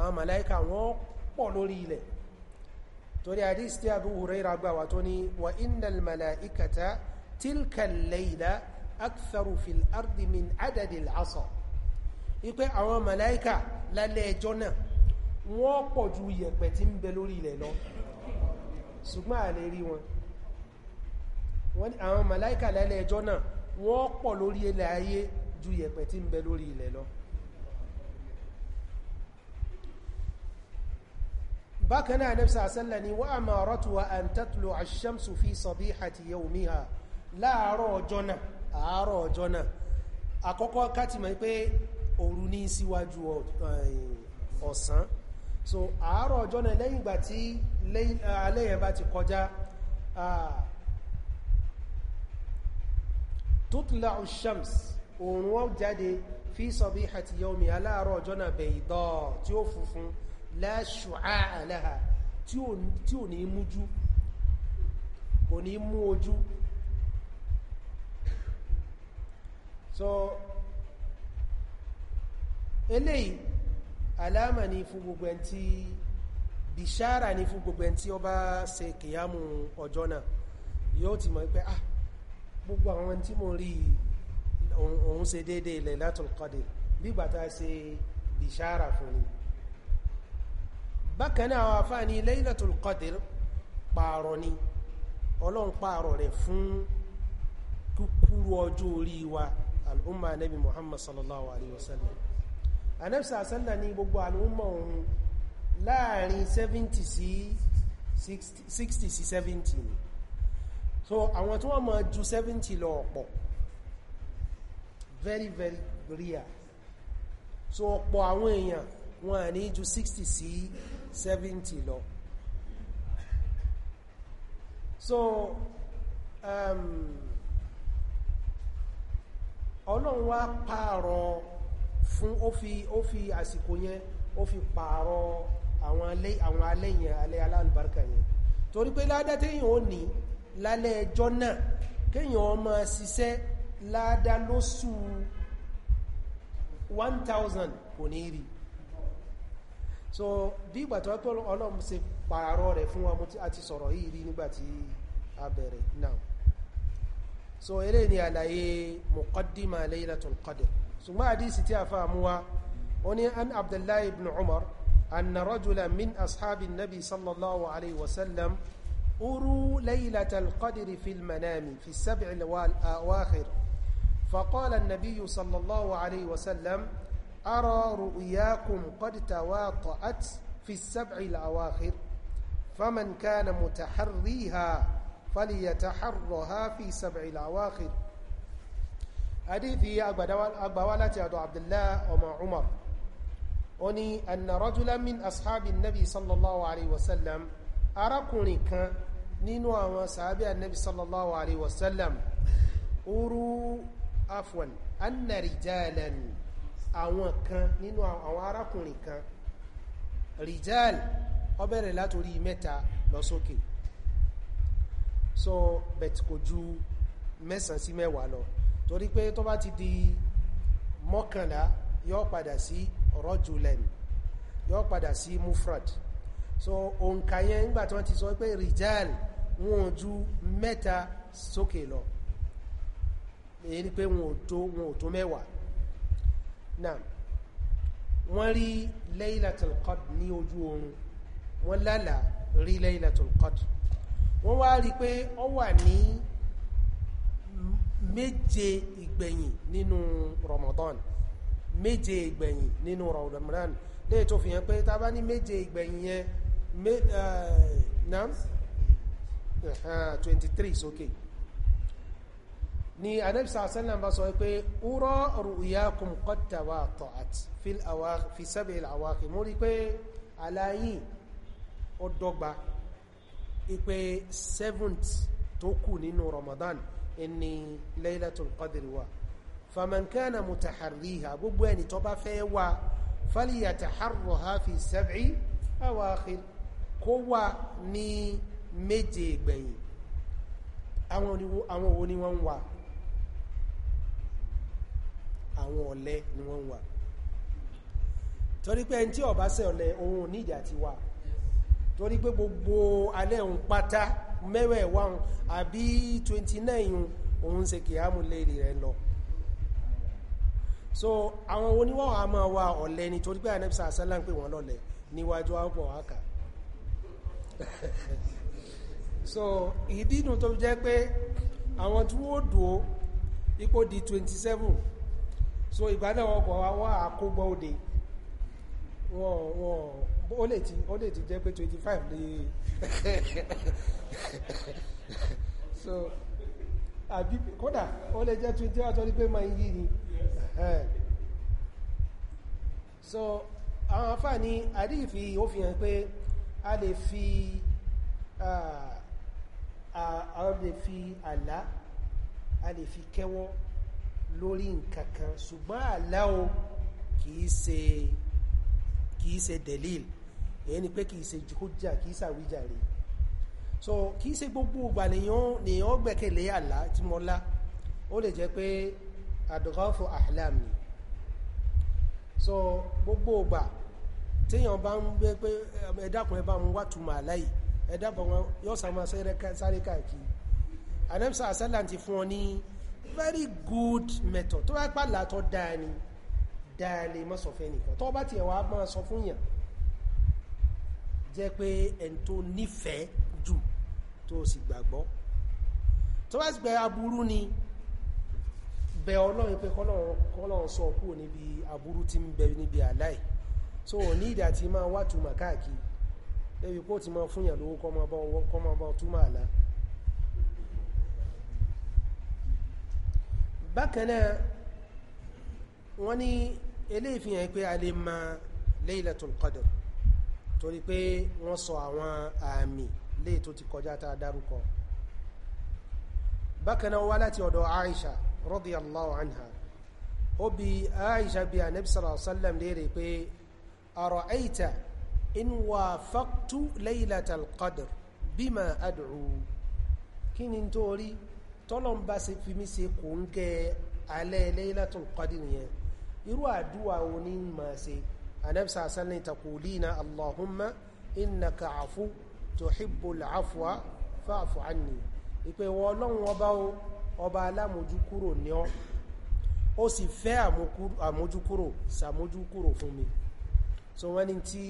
àwọn màláíkà wọ́n pọ̀ lórí ilẹ̀ torí àdís tí Abu Huraira gbà wà tó ní wa innal màláíkàta tilkal layla aktharu fil ardi min adadil asr ipe àwọn màláíkà lálẹ́ ẹjọ́ náà wọ́n pọ̀ ju yẹ̀pẹ̀ tí ń bẹ lórí ilẹ̀ lọ ṣùgbọ́n a lè rí wọn àwọn màláíkà lálẹ́ ẹjọ́ náà wọ́n pọ̀ lórí ilẹ̀ ayé ju yẹ̀pẹ̀ tí ń bẹ lórí ilẹ̀ lọ bákan náà Ànábì sàásẹ́lẹ̀ ni wa amaratuha an tatlu'a ash-shamsu fi sabihati yawmiha láàárọ̀ ọjọ́ náà àárọ̀ ọjọ́ náà àkọ́kọ́ káti mọ̀ pé òru ní síwájú ọ̀sán so àárọ̀ ọjọ́ náà lẹ́yìn ìgbà tí alẹ́ yẹn bá ti kọjá tutla ushams òòrùn ó jáde fi sabihati yawmi aláàárọ̀ ọjọ́ náà bayda tí ó funfun láṣùá àláhà tí ò ní mújú kò ní mú ojú so eléyìí aláàmà ni fún gbogbo ẹn tí bishara ni fún gbogbo ẹn tí ó bá ṣe kìyàmù ọjọ́ náà yóò ti mọ̀ pé ah gbogbo àwọn tí mo rí òun ṣe déédéé Laylatul Qadr bí gbàtà ṣe bishara fún ni bákanáà àwọn afá ní Laylatul Qadr pààrọ̀ ni ọlọ́run pààrọ̀ rẹ̀ fún kúkúrú ọjọ́ orí wa al'umma nabi muhammad sallallahu alaihi wasallam anabisa sallah ni gbogbo al'umma ohun láàrin 70 sí 60 sí 70 so àwọn tí wọ́n máa ju 70 lọ ọ̀pọ̀ very very rare so ọ̀pọ̀ àwọn èèyàn wọ́n ní ju 60 sí seventy lọ so um, ọlọ́run wá pààrọ̀ fún ó fi ó fi àsìkò yẹn ó fi pààrọ̀ àwọn alẹ́ àwọn alẹ́ yẹn alẹ́ aláàlùbáríkà yẹn torí pé ládá téèyàn ó ní lálẹ́ ẹjọ́ náà kéèyàn máa ṣiṣẹ́ ládá lóṣù 1000 kò ní rí so bí ìgbà tó pẹ́ ọlọ́run ṣe pààrọ̀ rẹ̀ fún wa àti sọ̀rọ̀ yìí rí nígbà tí a bẹ̀rẹ̀ náà so eléyìí ni àlàyé muqaddima laylatul qadr ṣùgbọ́n àdísì tí a fa àmúwa ó ní an abdullahi ibn umar anna rajula min ashabi nabi sallallahu alaihi wasallam uru laylatul qadr fil manami fi sab'il wal awakhir فقال النبي صلى الله عليه وسلم أرى رؤياكم قد تواطأت في السبع الأواخر فمن كان متحريها فليتحرها في سبع الأواخر حديثي أقبوالة أدو عبد الله وما عمر أني أن رجلا من أصحاب النبي صلى الله عليه وسلم أراكني كان نينو أصحاب النبي صلى الله عليه وسلم أرو أفوا أن رجالا àwọn kan nínú àwọn arákùnrin kan rijal ó bẹ̀rẹ̀ látorí mẹ́ta lọ so bet kò ju mẹ́sàn sí mẹ́wàá lọ torí pé tó bá ti di mọ́kànlá yó padà sí rojulen yó padà sí mufrad so òǹkà yẹn nígbà tí wọ́n ti sọ pé rijal wọn ju mẹ́ta sókè lọ èyí ni pé wọn ò tó mẹ́wàá náà wọ́n rí Laylatul Qadr ní ojú oorun wọ́n lálàá rí Laylatul Qadr wọ́n wá rí pé ó wà ní méje ìgbẹ̀yìn nínú Ramadan méje ìgbẹ̀yìn nínú Ramadan léè tó fi hàn pé tá bá ní méje ìgbẹ̀yìn yẹn eh, nam 23 sókè okay ni anabi sallam bá sọ pé ura ru'yakum qad tawata'at fil awaqi fi sab'il awaqi mo rí pé alayin ó dọ́gba ipe seventh tó kù nínú ramadan ẹni laylatul qadr wa faman kana mutaharriha gbogbo ẹni tó bá fẹ́ wá falyataharraha fi sab'i awakhir kó wà ní méje gbẹ̀yìn àwọn wo ni wà àwọn ọ̀lẹ ni wọ́n wà torí ẹni tí ọ̀bá sẹ́ ọ̀lẹ òun níjà ti wà torí pé gbogbo alẹ́ òun pátá mẹ́wẹ̀ẹ̀wá òun àbí 29 òun ṣe kìámù lérí rẹ̀ lọ so àwọn oníwọ̀ a máa wà ọ̀lẹ ni torí pé anẹ́bísà sálá ń pè wọ́n lọ́lẹ̀ níwájú àpọ̀ àkà so ìdínú tó jẹ́ pé àwọn tí wọ́n dùn ipò di 27 so ìgbà náà wọ́n bọ̀ wá àkógbọ́ òde ó lè ti ó lè ti jẹ́ pé 25 lè so àbí kódà ó lè jẹ́ 20 ọjọ́ ní pé máa ń yí ni so àwọn afá ní àdífi ó fi hàn pé a lè fi a lè fi àlá a lè fi kẹwọ́ lórí nǹkan kan ṣùgbọ́n àlá o kìí ṣe kìí ṣe delil èyí ni pé kìí ṣe hujja kìí ṣàwíjàre so kìí ṣe gbogbo ìgbà nìyàn gbẹ́kẹ̀lé àlá tí mo lá ó lè jẹ́ pé adghafu ahlam ni so gbogbo ìgbà téèyàn bá ń gbé pé ẹ̀dàkùn ẹbá mú wàtúmọ̀ àláyì ẹ̀dàkùn yóò sáré káàkiri anẹ́bísà àṣẹ́là ti fún ọ ní very good method tó bá pàlà tó dáa ni dáa lè mọ́ sọ fẹ́ nìkan tó bá tiẹ̀ wá máa sọ fún yàn jẹ́ pé ẹni tó nífẹ̀ẹ́ jù tó sì gbàgbọ́ tó bá sì gbẹ aburú ni bẹ ọlọ́run pé kọ́lọ́run sọ kúrò níbi aburú tí ń bẹ níbi àláì so ní ìdá tí máa wá túmọ̀ káàkiri lẹ́bi kó ti máa fúnyàn lówó kọ́ máa túmọ̀ àlá bákanáà wọ́n ní eléyìí fi hàn pé a lè ma Laylatul Qadr torí pé wọ́n sọ àwọn àmì léè tó ti kọjá tá a dárúkọ bákanáà wá láti ọ̀dọ̀ Aisha radiyallahu anha ó bi Aisha bí i anabi sallallahu alaihi léèrè pé ara'ayta in wafaqtu Laylatul Qadr bima ad'u kí ni nítorí tọ́lọ́n bá ṣe fi mí ṣe kò ń kẹ alẹ́ Laylatul Qadr nìyẹn irú àdúwà wo ní ma ṣe anẹ́bisa sálẹ̀ taqulina Allahumma innaka afu tuhibbul afwa fa'fu anni ìpè wọ ọlọ́run ọba o ọba alámójúkúrò ní ọ ó sì fẹ́ àmójúkúrò sàmójúkúrò fún mi so wọ́n ni tí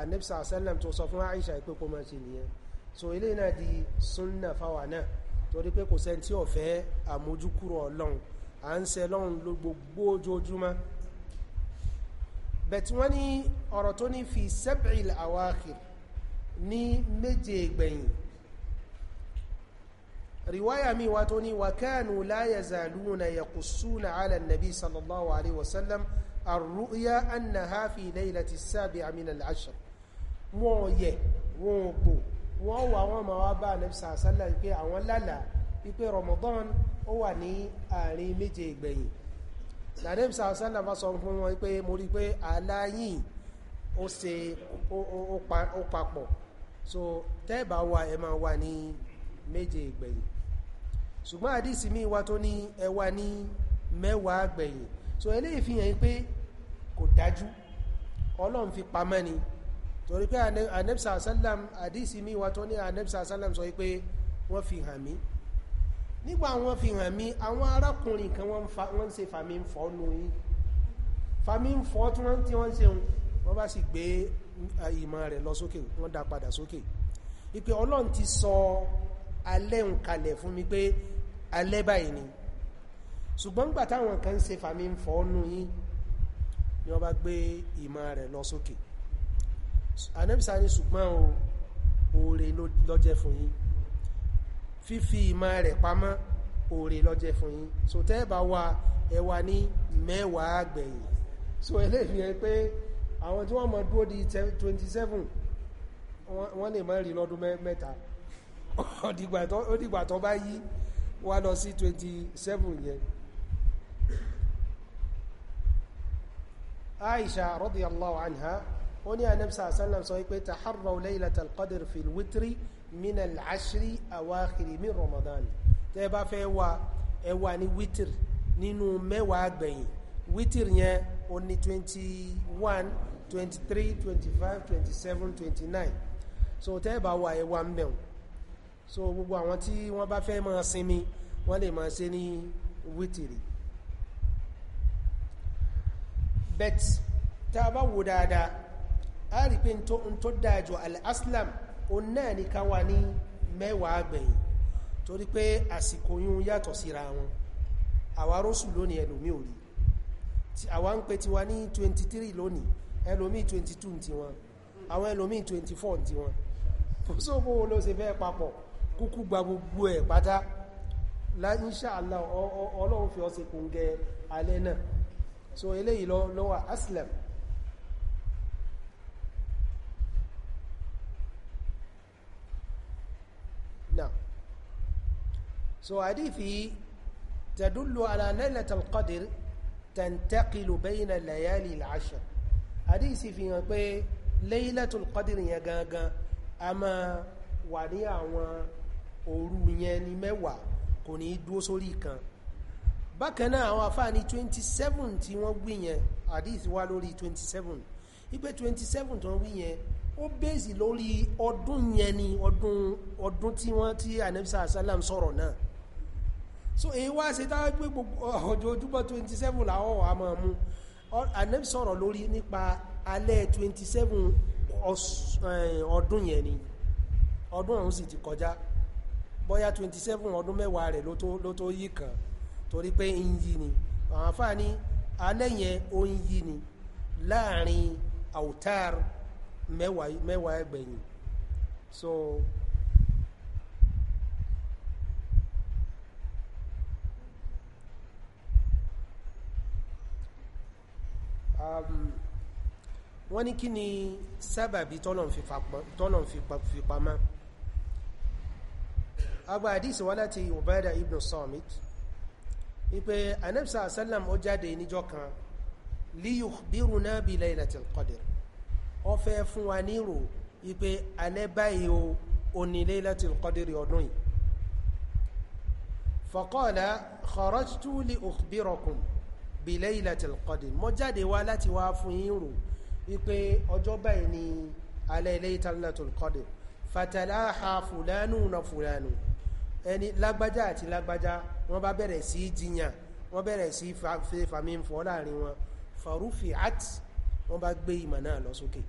anẹ́bisa sálẹ̀ tó sọ fún Aisha ìpè kó máa ṣe nìyẹn so ilé náà di sunna fáwa náà torí pé kò sẹ́ni tí ọ̀fẹ́ àmójúkúrò ọlọ́run à ń ṣe lọ́run ló gbogbo ojoojúmọ́ bẹ̀tí wọ́n ní ọ̀rọ̀ tó ní fi sab'il awakhir ní méje gbẹ̀yìn riwaya mi wa tó ní wa kanu la yazaluna yaqussuna ala nabi sallallahu alaihi wasallam arru'ya annaha fi laylati as-sabi'a min al-ashr wọ́n yẹ wọ́n gbò wọ́n wà wọ́n ma wá bá anẹ́bìsà sálà wípé àwọn lálà wípé Ramadan ó wà ní àárín méje ìgbẹ̀yìn anẹ́bìsà sálà bá sọ fún wọn wípé mo rí pé aláyìn ó ṣe ó papọ̀ so tẹ́ẹ̀bà wa ẹ máa wà ní méje ìgbẹ̀yìn ṣùgbọ́n àdísì mi wa tó ní ẹ ní mẹ́wàá gbẹ̀yìn so eléyìí fi hàn pé kò dájú ọlọ́run fi pamọ́ ni torí pé anẹ́bìsà sálàm àdísì mi wà tó ní anẹ́bìsà sálàm sọ pé wọ́n fi hàn mí nígbà wọ́n fi hàn mí àwọn arákùnrin kan wọ́n ń ṣe fàmí ń fọ́ nù yí fàmí ń fọ́ tí wọ́n tí wọ́n ṣe wọ́n bá sì gbé ìmọ̀ rẹ̀ lọ sókè wọ́n dá padà sókè ipe ọlọ́run ti sọ alẹ́ ń kalẹ̀ fún mi pé alẹ́ báyìí ni ṣùgbọ́n nígbà táwọn kan ń ṣe fàmí ń fọ́ nù yí ni wọ́n bá gbé ìmọ̀ rẹ̀ lọ sókè so anẹ́bìsá ní ṣùgbọ́n o oore lọ́jẹ́ fún yín fífi ìmọ̀ rẹ̀ pamọ́ oore lọ́jẹ́ fún yín so tẹ́ bá wa ẹwà ní mẹ́wàá gbẹ̀yìn so eléyìí yẹn pé àwọn tí wọ́n mọ̀ dúró di 27 wọ́n lè mọ́ rí lọ́dún mẹ́ta ó dìgbà tó bá yí wá lọ sí 27 yẹn Aisha radiyallahu anha ó ní anẹ́bísà àsánlám sọ wípé taharraw laylatal qadr fil witri min al-ashri awakhiri min ramadan tẹ́ bá fẹ́ wá ẹ wá ní witri nínú mẹ́wàá gbẹ̀yìn witri yẹn ó ní 21 23 25 27 29 so tẹ́ bá wá ẹ wá so gbogbo àwọn tí wọ́n bá fẹ́ máa sinmi wọ́n lè máa ṣe ní wítìrì bet tá bá wò dáadáa a rí pé n tó dájú al-aslam o náà ní ká wà ní mẹ́wàá gbẹ̀yìn torí pé àsìkò yún yàtọ̀ síra wọn àwa rọ́sù lónìí ẹlòmí ò rí àwa ń pè tiwa ní 23 lónìí ẹlòmí 22 tiwọn àwọn ẹlòmí 24 tiwọn sóbó ló ṣe fẹ́ papọ̀ kúkú gba gbogbo ẹ̀ pátá inshallah ọlọ́run fi ọ́ gẹ alẹ́ náà so eléyìí lọ́wọ́ aslam so hadithi تدل على ليلة القدر تنتقل بين الليالي العشر حديثي في pé ليلة القدر yẹn gangan a máa wà ní àwọn òru yẹn ní mẹ́wàá kò kan bákan náà àwọn àfáà 27 tí wọ́n gbé yẹn hadith wá lórí 27 ìpè 27 tó ń wí yẹn ó bèèsì lórí ọdún yẹn ni ọdún ọdún tí wọ́n tí ànẹ́bísà sálàm sọ̀rọ̀ náà so èyí wá ṣe táwọn gbé gbogbo ọjọ́júmọ́ 27 làwọ̀ wà máa mú Ànábì sọ̀rọ̀ lórí nípa alẹ́ 27 eh, ọdún yẹn ni ọdún ọ̀hún sì ti kọjá bóyá 27 ọdún mẹ́wàá rẹ̀ ló tó yí kan torí pé ń yí ni àwọn afáà ní alẹ́ yẹn ó ń yí ni láàrin autar mẹ́wàá ẹgbẹ̀yìn so Um, wọ́n ní kí ni sábàbí tọ́lọ̀ fi pamá agba àdísì wá láti Ubaida ibn Samit wípé anẹ́bìsà àsálàm ó jáde níjọ́ kan liyukhbiruna bi laylatil qadr ó fẹ́ fún wa nírò wípé alẹ́ báyìí o oni laylatil qadr ọdún yìí faqala kharajtu li ukhbirakum bi laylatil qadr mo jáde wá láti wá fún yín rò wípé ọjọ́ báyìí ni alẹ́ laylatil qadr fatalaha fulanu na fulanu ẹni lágbájá àti lágbájá wọ́n bá bẹ̀rẹ̀ sí jiyàn wọ́n bẹ̀rẹ̀ sí fàmí ń fọ́ láàrin wọn farufi at wọ́n bá gbé ìmọ̀ náà lọ sókè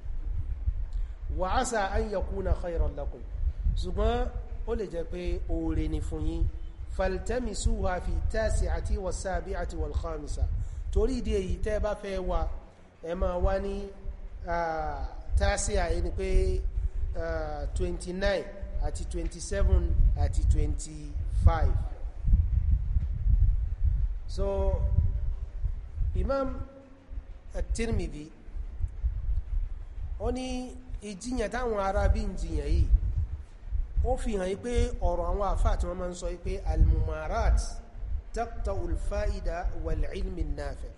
wa asa an yakuna khayran lakum ṣùgbọ́n ó lè jẹ́ pé oore ni fún yín faltamisuha fi tasi'ati wasabi'ati walkhamisa torí ìdí èyí tẹ́ bá fẹ́ wá ẹ máa wá ní tasi'a ẹni pé 29 àti 27 àti 25 so imam at ó ní ìjiyàn táwọn arábí ń yìí ó fi hàn pé ọ̀rọ̀ àwọn àfáà tí wọ́n máa ń sọ pé al-mumarat taqta al-fa'ida wal-ilmi an-nafi'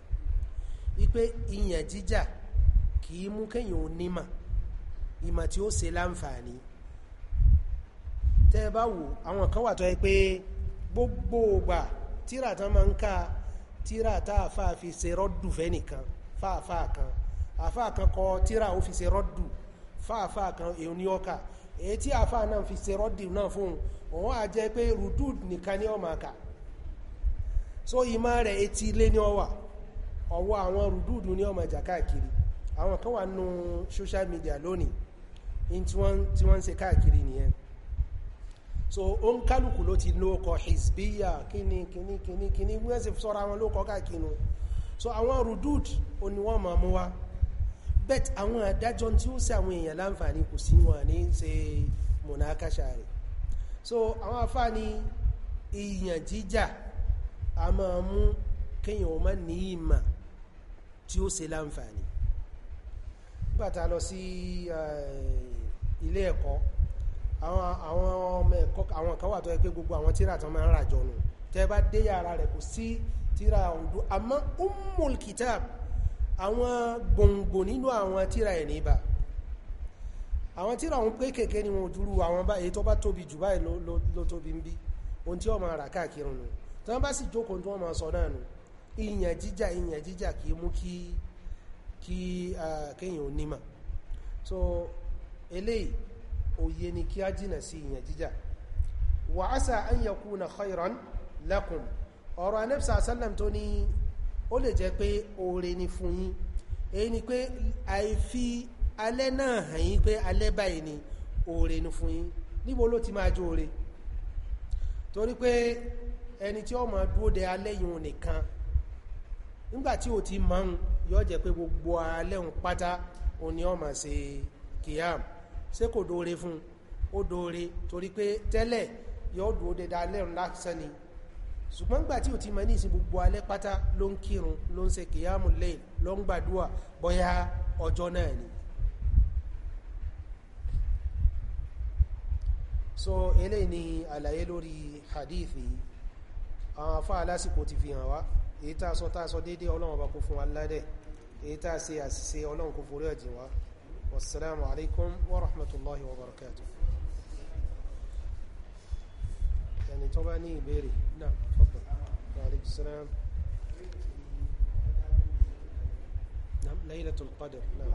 wípé ìyàn jíjà kì í mú kéèyàn onímà ìmà tí ó ṣe láǹfààní tẹ́ bá wò àwọn kan wà tó pé gbogbo ògbà máa ń ka tíra àfáà fi ṣe rọ́dù fẹ́ fáàfáà kan èyí tí àfà náà fi ṣe rọ́dì náà fún òun á jẹ́ pé rudud nìkan ní ọmọ àkà so ìmọ̀ rẹ̀ etí ilé ní ọwà ọwọ́ àwọn rudud ní ọmọ ìjà káàkiri àwọn kan wà nù social media lónìí in tí wọ́n ń ṣe káàkiri nìyẹn so ó ń kálùkù ló ti lóókọ hizbiya kíní kíní kíní kíní wọ́n sì sọ́ra wọn lóókọ káàkiri so àwọn rudud ó ní wọ́n mọ̀ mú wa bet àwọn adájọ́ tí ó ṣe àwọn èèyàn láǹfààní kò sí wọn ní ṣe mọ̀nàkàṣà rẹ̀ so àwọn afá ni ìyàn jíjà a máa mú kíyàn ọmọ ní ìmà tí ó ṣe láǹfààní bàtà lọ sí eh, ilé ẹ̀kọ́ àwọn ọmọ ẹ̀kọ́ àwọn kan wà tó ẹgbẹ́ gbogbo àwọn tíra tán máa ń ràjọ nù tẹ́ bá dé yàrá rẹ̀ kò sí tíra ọ̀dọ́ àmọ́ ummul kitab àwọn gbòǹgbò nínú àwọn tíra ẹ̀ níbà àwọn tíra òun pé kèké ni wọn dúró àwọn báyìí tó bá tóbi jù báyìí ló tóbi ń bí ohun tí ọmọ ara káàkiri nù tí wọ́n bá sì jókòó tí wọ́n máa sọ náà nù ìyàn jíjà ìyàn jíjà kì í mú kí kí kéèyàn onímọ̀ so eléyìí òye ni kí á jìnà sí ìyàn jíjà wàásà an yakuna khayran lakum ọ̀rọ̀ anẹ́bsà sálàm tó ní ó lè jẹ́ pé oore ni fún yín èyí ni pé àìfi alẹ́ náà hàn yín pé alẹ́ báyìí ni oore ni fún níbo ló ti máa jó oore torí pé ẹni tí ó máa dúró de alẹ́ yìí nìkan ti máa ń yọ jẹ́ pé gbogbo alẹ́ òun pátá o ni ó máa ṣe kìyàm ṣé kò dóore fún ó dóore torí pé tẹ́lẹ̀ yọ dúró de alẹ́ òun lásán ni ṣùgbọ́n gbà tí ò ti mọ̀ ní ìsìn gbogbo alẹ́ pátá ló ń kírun ló ń ṣe kìyàmù lẹ́yìn ló ń gbàdúwà bọ́yá ọjọ́ náà ni so eléyìí ni àlàyé lórí hadithi àwọn afá alásìkò ti fi hàn wá èyí tá sọ tá sọ déédéé ọlọ́run ọba kó fún wa ládẹ̀ èyí tá ṣe àṣìṣe ọlọ́run kó forí ẹ̀jìn wá wassalamu alaikum wa rahmatullahi wa barakatuh يعني طبعا بيري نعم تفضل وعليكم السلام نعم ليلة القدر نعم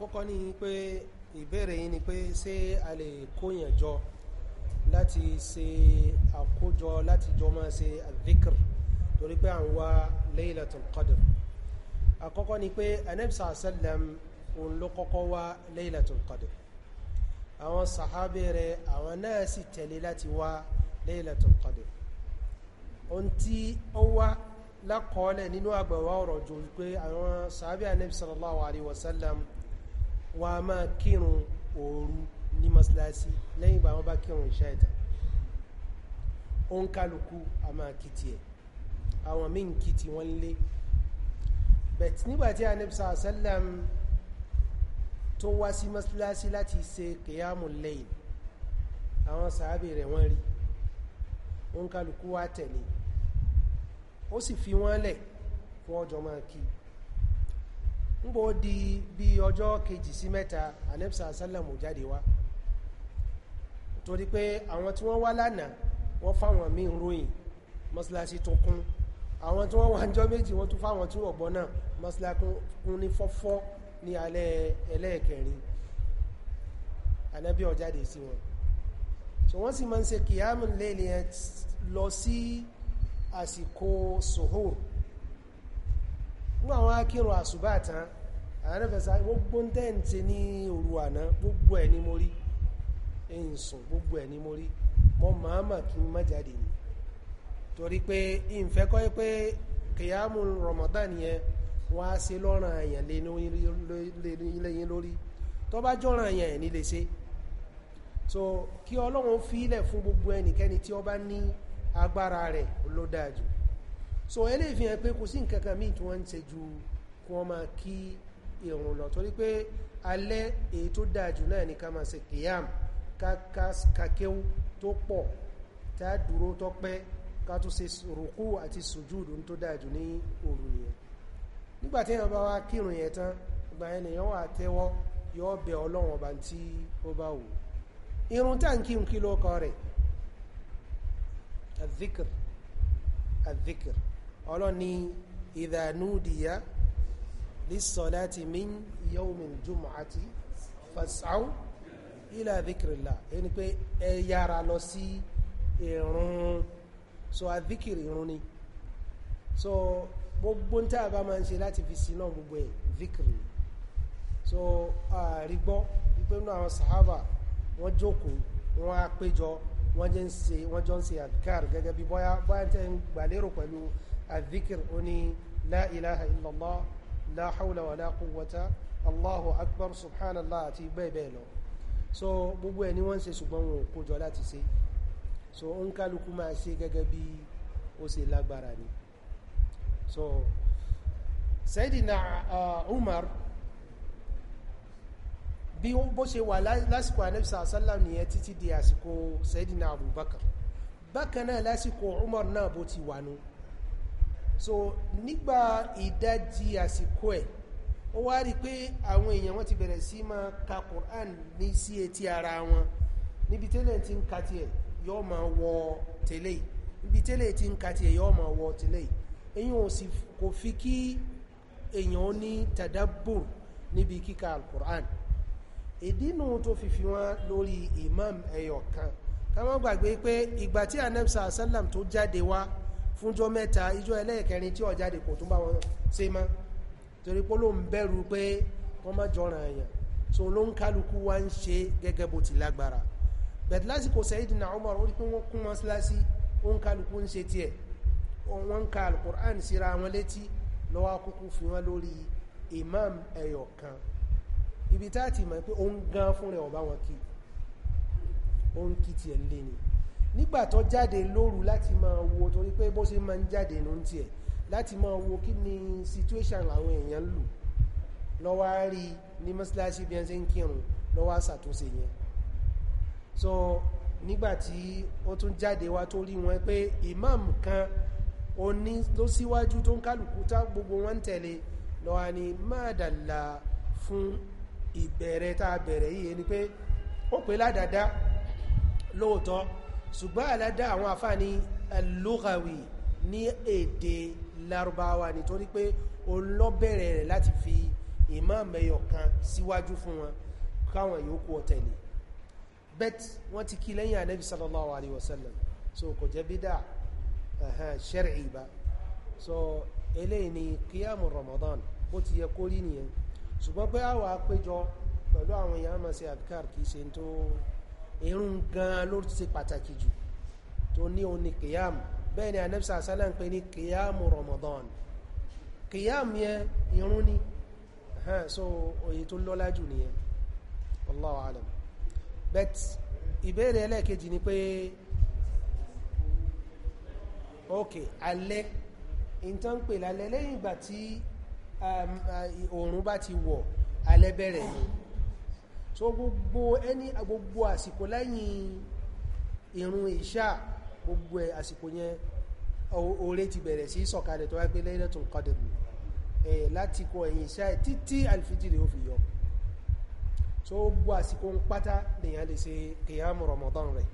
àkọ́kọ́ ni pé ìbéèrè yìí ni pé ṣé a lè kóyàn jọ láti ṣe àkójọ láti jọ máa ṣe àdíkìr torí pé à ń wá Laylatul Qadr àkọ́kọ́ ni pé anabisa asalam òun ló kọ́kọ́ wá Laylatul Qadr àwọn sàhábé rẹ̀ àwọn náà sì tẹ̀lé láti wá Laylatul Qadr ohun tí ó wá lákọọ́lẹ̀ nínú àgbẹ̀wá ọ̀rọ̀ jù pé àwọn sàhábé anabisa sallallahu wọn a máa kírun òru ní mọ́sálásí lẹ́yìn ìgbà wọn bá kírun ìṣá ìta òǹkálukú a máa kìtì ẹ̀ àwọn míì ń kìtì wọn lé bẹ̀t nígbàtí anibsa sallam tó wá sí mọ́sálásí láti ṣe kìyàmù lẹ́yìn àwọn sàábì rẹ̀ wọ́n rí òǹkálukú wá tẹ̀lé ó sì fi wọ́n lẹ̀ fún ọjọ́ máa kìí ngbò di bí ọjọ́ kejì sí mẹ́ta anẹ́bùsà sálàmù jáde wá torí pé àwọn tí wọ́n wá lánàá wọ́n fáwọn míì ròyìn mọ́sálásí tó kún àwọn tí wọ́n wá ọjọ́ méjì wọ́n tún fáwọn tí wọ́n gbọ́ náà mọ́sálásí ní fọ́fọ́ ní alẹ́ ẹlẹ́ẹ̀kẹrin anábí ọ̀jáde sí wọn so wọ́n sì máa ń ṣe kìyàmù lẹ́lẹ̀ lọ sí àsìkò sòhóòrò ní àwọn akírun àṣùbà tán àárẹ́fẹ̀sá gbogbo ń tẹ́ǹtì ní òru àná gbogbo ẹ̀ ni mo rí ń gbogbo ẹ̀ ní mo rí mo máa mà tún má jáde ni torí pé ìfẹ́ kọ́ pé kìyàmù Ramadan yẹn wọ́n á ṣe lọ́ràn àyàn lẹ́yìn lórí tó bá jọ́ràn àyàn ẹ̀ ní lè ṣe so kí Ọlọ́run fi ilẹ̀ fún gbogbo ẹnikẹ́ni tí ó bá ní agbára rẹ̀ ló dáa jù so eléyìí fi hàn pé kò sí nǹkan kan míì tí wọ́n ń ṣe ju kí wọ́n máa kí ìrun lọ torí pé alẹ́ èyí tó dáa jù náà ni ká máa ṣe kìyàm kakéw tó pọ̀ tá a dúró tó pẹ́ ká tó ṣe rùkú àti sùjúdù tó dáa jù ní òru nìyẹn nígbà tí èèyàn bá wá kírun yẹn tán ìgbà yẹn nìyẹn wà tẹ́wọ́ yóò bẹ ọlọ́run ọba tí ó bá wù irun tá n kí n kí ló kọ rẹ̀ adhikr adhikr ọlọ́ni ìdánúdìyà lissalati min yawmin jumu'ati fas'au ila dhikrillah ẹni pé ẹ yára lọ sí ìrun so adhikiri ìrun ni so gbogbo ń tàà bá máa ń ṣe láti fi sí náà gbogbo ẹ̀ dhikiri so ààrí wípé nínú àwọn sahaba wọ́n jókòó wọ́n á péjọ wọ́n jọ ń ṣe adhikar gẹ́gẹ́ bí bọ́yá bọ́yá tẹ́ ń gbàlérò pẹ̀lú الذكر أني لا إله إلا الله لا حول ولا قوة الله أكبر سبحان الله أتي بيبيلو so gbogbo ẹni wọ́n ń ṣe ṣùgbọ́n wọn ò kójọ láti ṣe so ó ń kálukú máa ṣe gẹ́gẹ́ bí ó ṣe lágbára ni so Sayyidina uh, Umar bí bó ṣe wà lásìkò anẹ́bìsà àsálà nìyẹn títí di àsìkò Sayyidina Abubakar bákan náà lásìkò Umar náà bó ti wà nù no so nígbà ìdajì àsìkò ẹ̀ ó wá rí pé àwọn èèyàn wọ́n ti bẹ̀rẹ̀ sí máa ka Qur'an ní sí etí ara wọn níbi tẹ́lẹ̀ tí ń ka tiẹ̀ yóò máa wọ tẹ́lẹ̀ níbi tẹ́lẹ̀ tí ń ka tiẹ̀ yóò máa wọ tẹ́lẹ̀ èyí ò sì kò fi kí èèyàn ní tadabbur níbi kíka al-Qur'an ìdínú tó fi fi wọn lórí imam ẹyọ kan ká má gbàgbé pé ìgbà tí anẹ́bsà sálàm tó jáde wá fúnjọ́ mẹ́ta ijọ́ ẹlẹ́ẹ̀kẹrin tí ó jáde kò tún bá wọn ṣe mọ́ torí pé ló ń bẹ̀rù pé wọ́n má jọràn èèyàn so ló ń kálukú wá ń ṣe gẹ́gẹ́ bó ti lágbára bẹ̀t lásìkò Sayyidina Umar ó rí pé wọ́n kún wọn ó ń kálukú ń ṣe tiẹ̀ wọ́n ń ka alukur'an síra wọn létí lọ́wọ́ akúkú fi wọn lórí imam ẹyọ kan ibi tá a ti mọ̀ pé ó ń gan fún rẹ̀ ọ̀bá wọn kí ó ń kí tiẹ̀ lé ni nígbà tó jáde lóru láti máa wo torí pé bó ṣe máa ń jáde nù ń tiẹ̀ láti máa wo kí ni situation àwọn èèyàn lò lọ́wọ́ rí ní mọ́síláṣí bí wọ́n ṣe ń kírun lọ́wọ́ ṣàtúnṣe yẹn so nígbàtí ó tún jáde wá tó rí wọn pé imam kan ó ní ló síwájú tó ń kálukú tá gbogbo wọn tẹ̀lé lọ́wọ́ ni máàdàlà fún ìbẹ̀rẹ̀ tá a bẹ̀rẹ̀ yìí ni pé ó pè ládàdá lóòótọ́ ṣùgbọ́n alada àwọn afá ní al-lughawi ní èdè larubawa nítorí pé òun lọ bẹ̀rẹ̀ rẹ̀ láti fi imam ẹyọ kan síwájú fún wọn káwọn yòókù ọ̀tẹ̀lẹ̀ bet wọ́n ti kí lẹ́yìn sallallahu alaihi wasallam so kò jẹ́ bídà ba so eléyìí ni kíyàmù ramadan bó ti yẹ kó rí nìyẹn ṣùgbọ́n pé àwọn àpéjọ pẹ̀lú àwọn èèyàn máa ṣe kìí ṣe tó irun gan ló ṣe pàtàkì jù tó ní òun ni kìyàm bẹ́ẹ̀ ni anẹ́bísà sálẹ̀ ń pè ní kìyàmù Ramadan kìyàmù yẹn irun ni so òye tó lọ́lá jù nìyẹn Allahu alam bet ìbéèrè ẹlẹ́ẹ̀kejì ni pé ok alẹ́ ìtàn pè lálẹ́ lẹ́yìn ìgbà tí um, um, òòrùn bá ti wọ̀ alẹ́ bẹ̀rẹ̀ ni so gbogbo ẹni gbogbo àsìkò lẹ́yìn ìrun ìṣà gbogbo ẹ̀ àsìkò yẹn oore ti bẹ̀rẹ̀ sí sọ̀kalẹ̀ tó wá pé Laylatul Qadr ẹ̀ láti kọ ẹ̀yìn ìṣà títí alfijiri ó fi yọ so gbogbo àsìkò ń pátá lèyàn lè ṣe kìyàmù Ramadan rẹ̀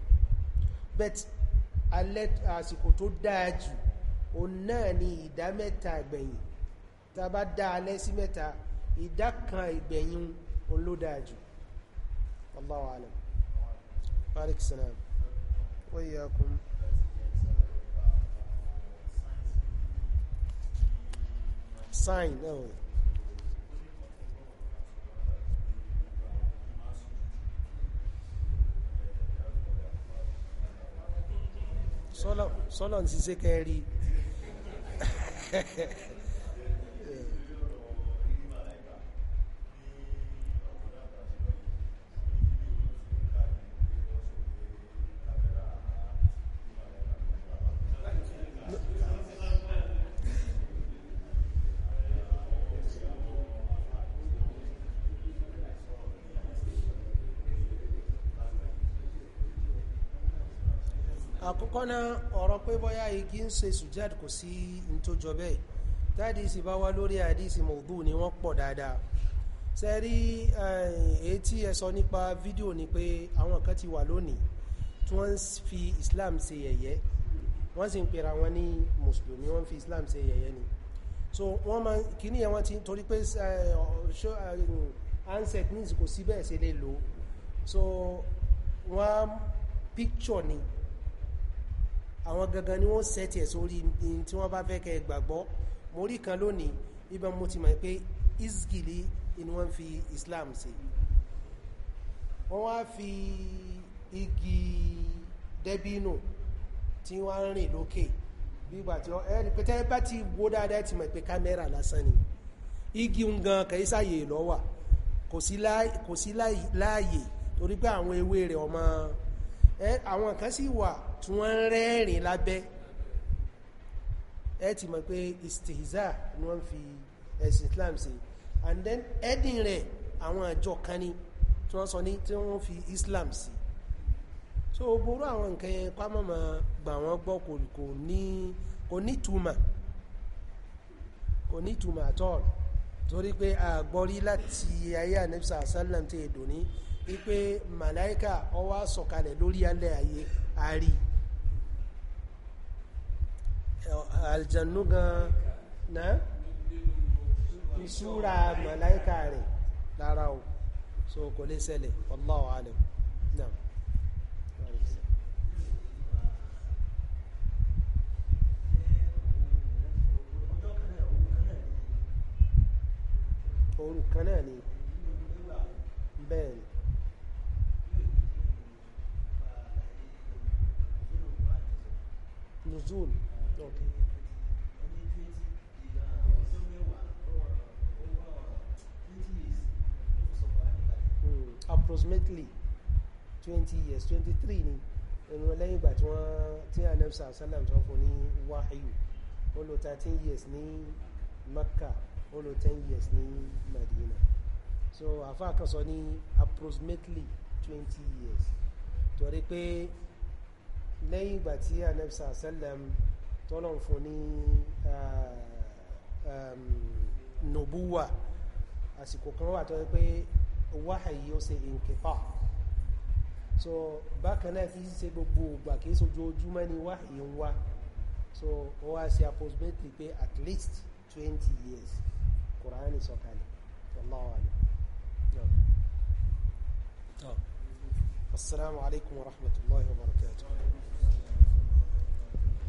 bet alẹ́ àsìkò tó dáa jù òun náà ni ìdá mẹ́ta ìgbẹ̀yìn tá a bá dá alẹ́ sí mẹ́ta ìdá kan ìgbẹ̀yìn òun ló والله أعلم وعليك السلام وإياكم ساين náà wọ̀nyí. sọ́lọ̀ ń ṣiṣẹ́ kẹrí. àkọ́kọ́ náà ọ̀rọ̀ pé bóyá igi ń ṣe sujad kò sí ní tó jọ bẹ́ẹ̀ bá wá lórí àdìsì mọ̀dú ni wọ́n pọ̀ dáadáa ṣe rí èyí tí ẹ sọ nípa fídíò ni pé àwọn kan ti wà lónìí tí wọ́n fi Islam ṣe yẹ̀yẹ́ wọ́n sì ń pera wọn ní mùsùlùmí wọ́n fi Islam ṣe yẹ̀yẹ́ ni so wọ́n máa kíní yẹn wọ́n ti torí pé handset means kò sí bẹ́ẹ̀ ṣe lè lò so wọ́n picture ni àwọn gangan ni wọ́n sẹ́tì ẹ̀ sórí tí wọ́n bá fẹ́ kẹ́ gbàgbọ́ mo kan lónìí ibà mo ti mọ̀ pé isgili ni wọ́n fi islam ṣe wọ́n wá fi igi debino, tí wọ́n rìn lókè bígbà tí ẹni pé tẹ́ bá ti wó dáadáa ti mọ̀ pé kámẹ́rà lásán ni igi ń gan kẹ́ sáyè lọ́wà kò sí láàyè torí pé àwọn ewé rẹ̀ ọmọ àwọn kan sì wà tí wọ́n ń rẹ́rìn lábẹ́ ẹ ti mọ̀ pé istihza ni wọ́n fi ẹ̀sìn Islam ṣe and then ẹ̀dìn rẹ̀ àwọn àjọ kan ni tí wọ́n sọ ní tí wọ́n fi Islam ṣe so gbogbo àwọn nǹkan yẹn ká mọ̀ mọ̀ gbà wọ́n gbọ́ kò ní kò ní túmọ̀ kò ní túmọ̀ at all torí pé àgbọ́rí láti ayé ànẹ́bísà sálàm tí èdò ní wípé màláíkà ó wá sọ̀kalẹ̀ lórí alẹ́ ayé àárí àlìjànú gan náà ìṣúra màláìka rẹ̀ lára o so kò lè ṣẹlẹ̀ wallahu alam náà. òru kan náà ni bẹ́ẹ̀ nuzul okay. approximately twenty years twenty three ni ẹnu lẹ́yìn ìgbà tí wọ́n tí anamsa salam tí wọ́n fún ní wáhíù ó lò thirteen years ní Makka ó lò ten years ní Madina so àfa kan sọ ní approximately twenty years torí pé lẹ́yìn ìgbà tí anamsa salam tọ́lọ́n fún ní um, nobuwa àsìkò kan wà tó yẹ pé wáhàyí ó ṣe ìǹkìtà so bákan náà kìí ṣe gbogbo ògbà kìí ṣojoojúmọ́ ni wáhàyí ń wá so ó wá ṣe approximately pé at least twenty years kùránì sọ̀kalẹ̀ wallahu alam assalamu alaikum wa rahmatullahi wa barakatuh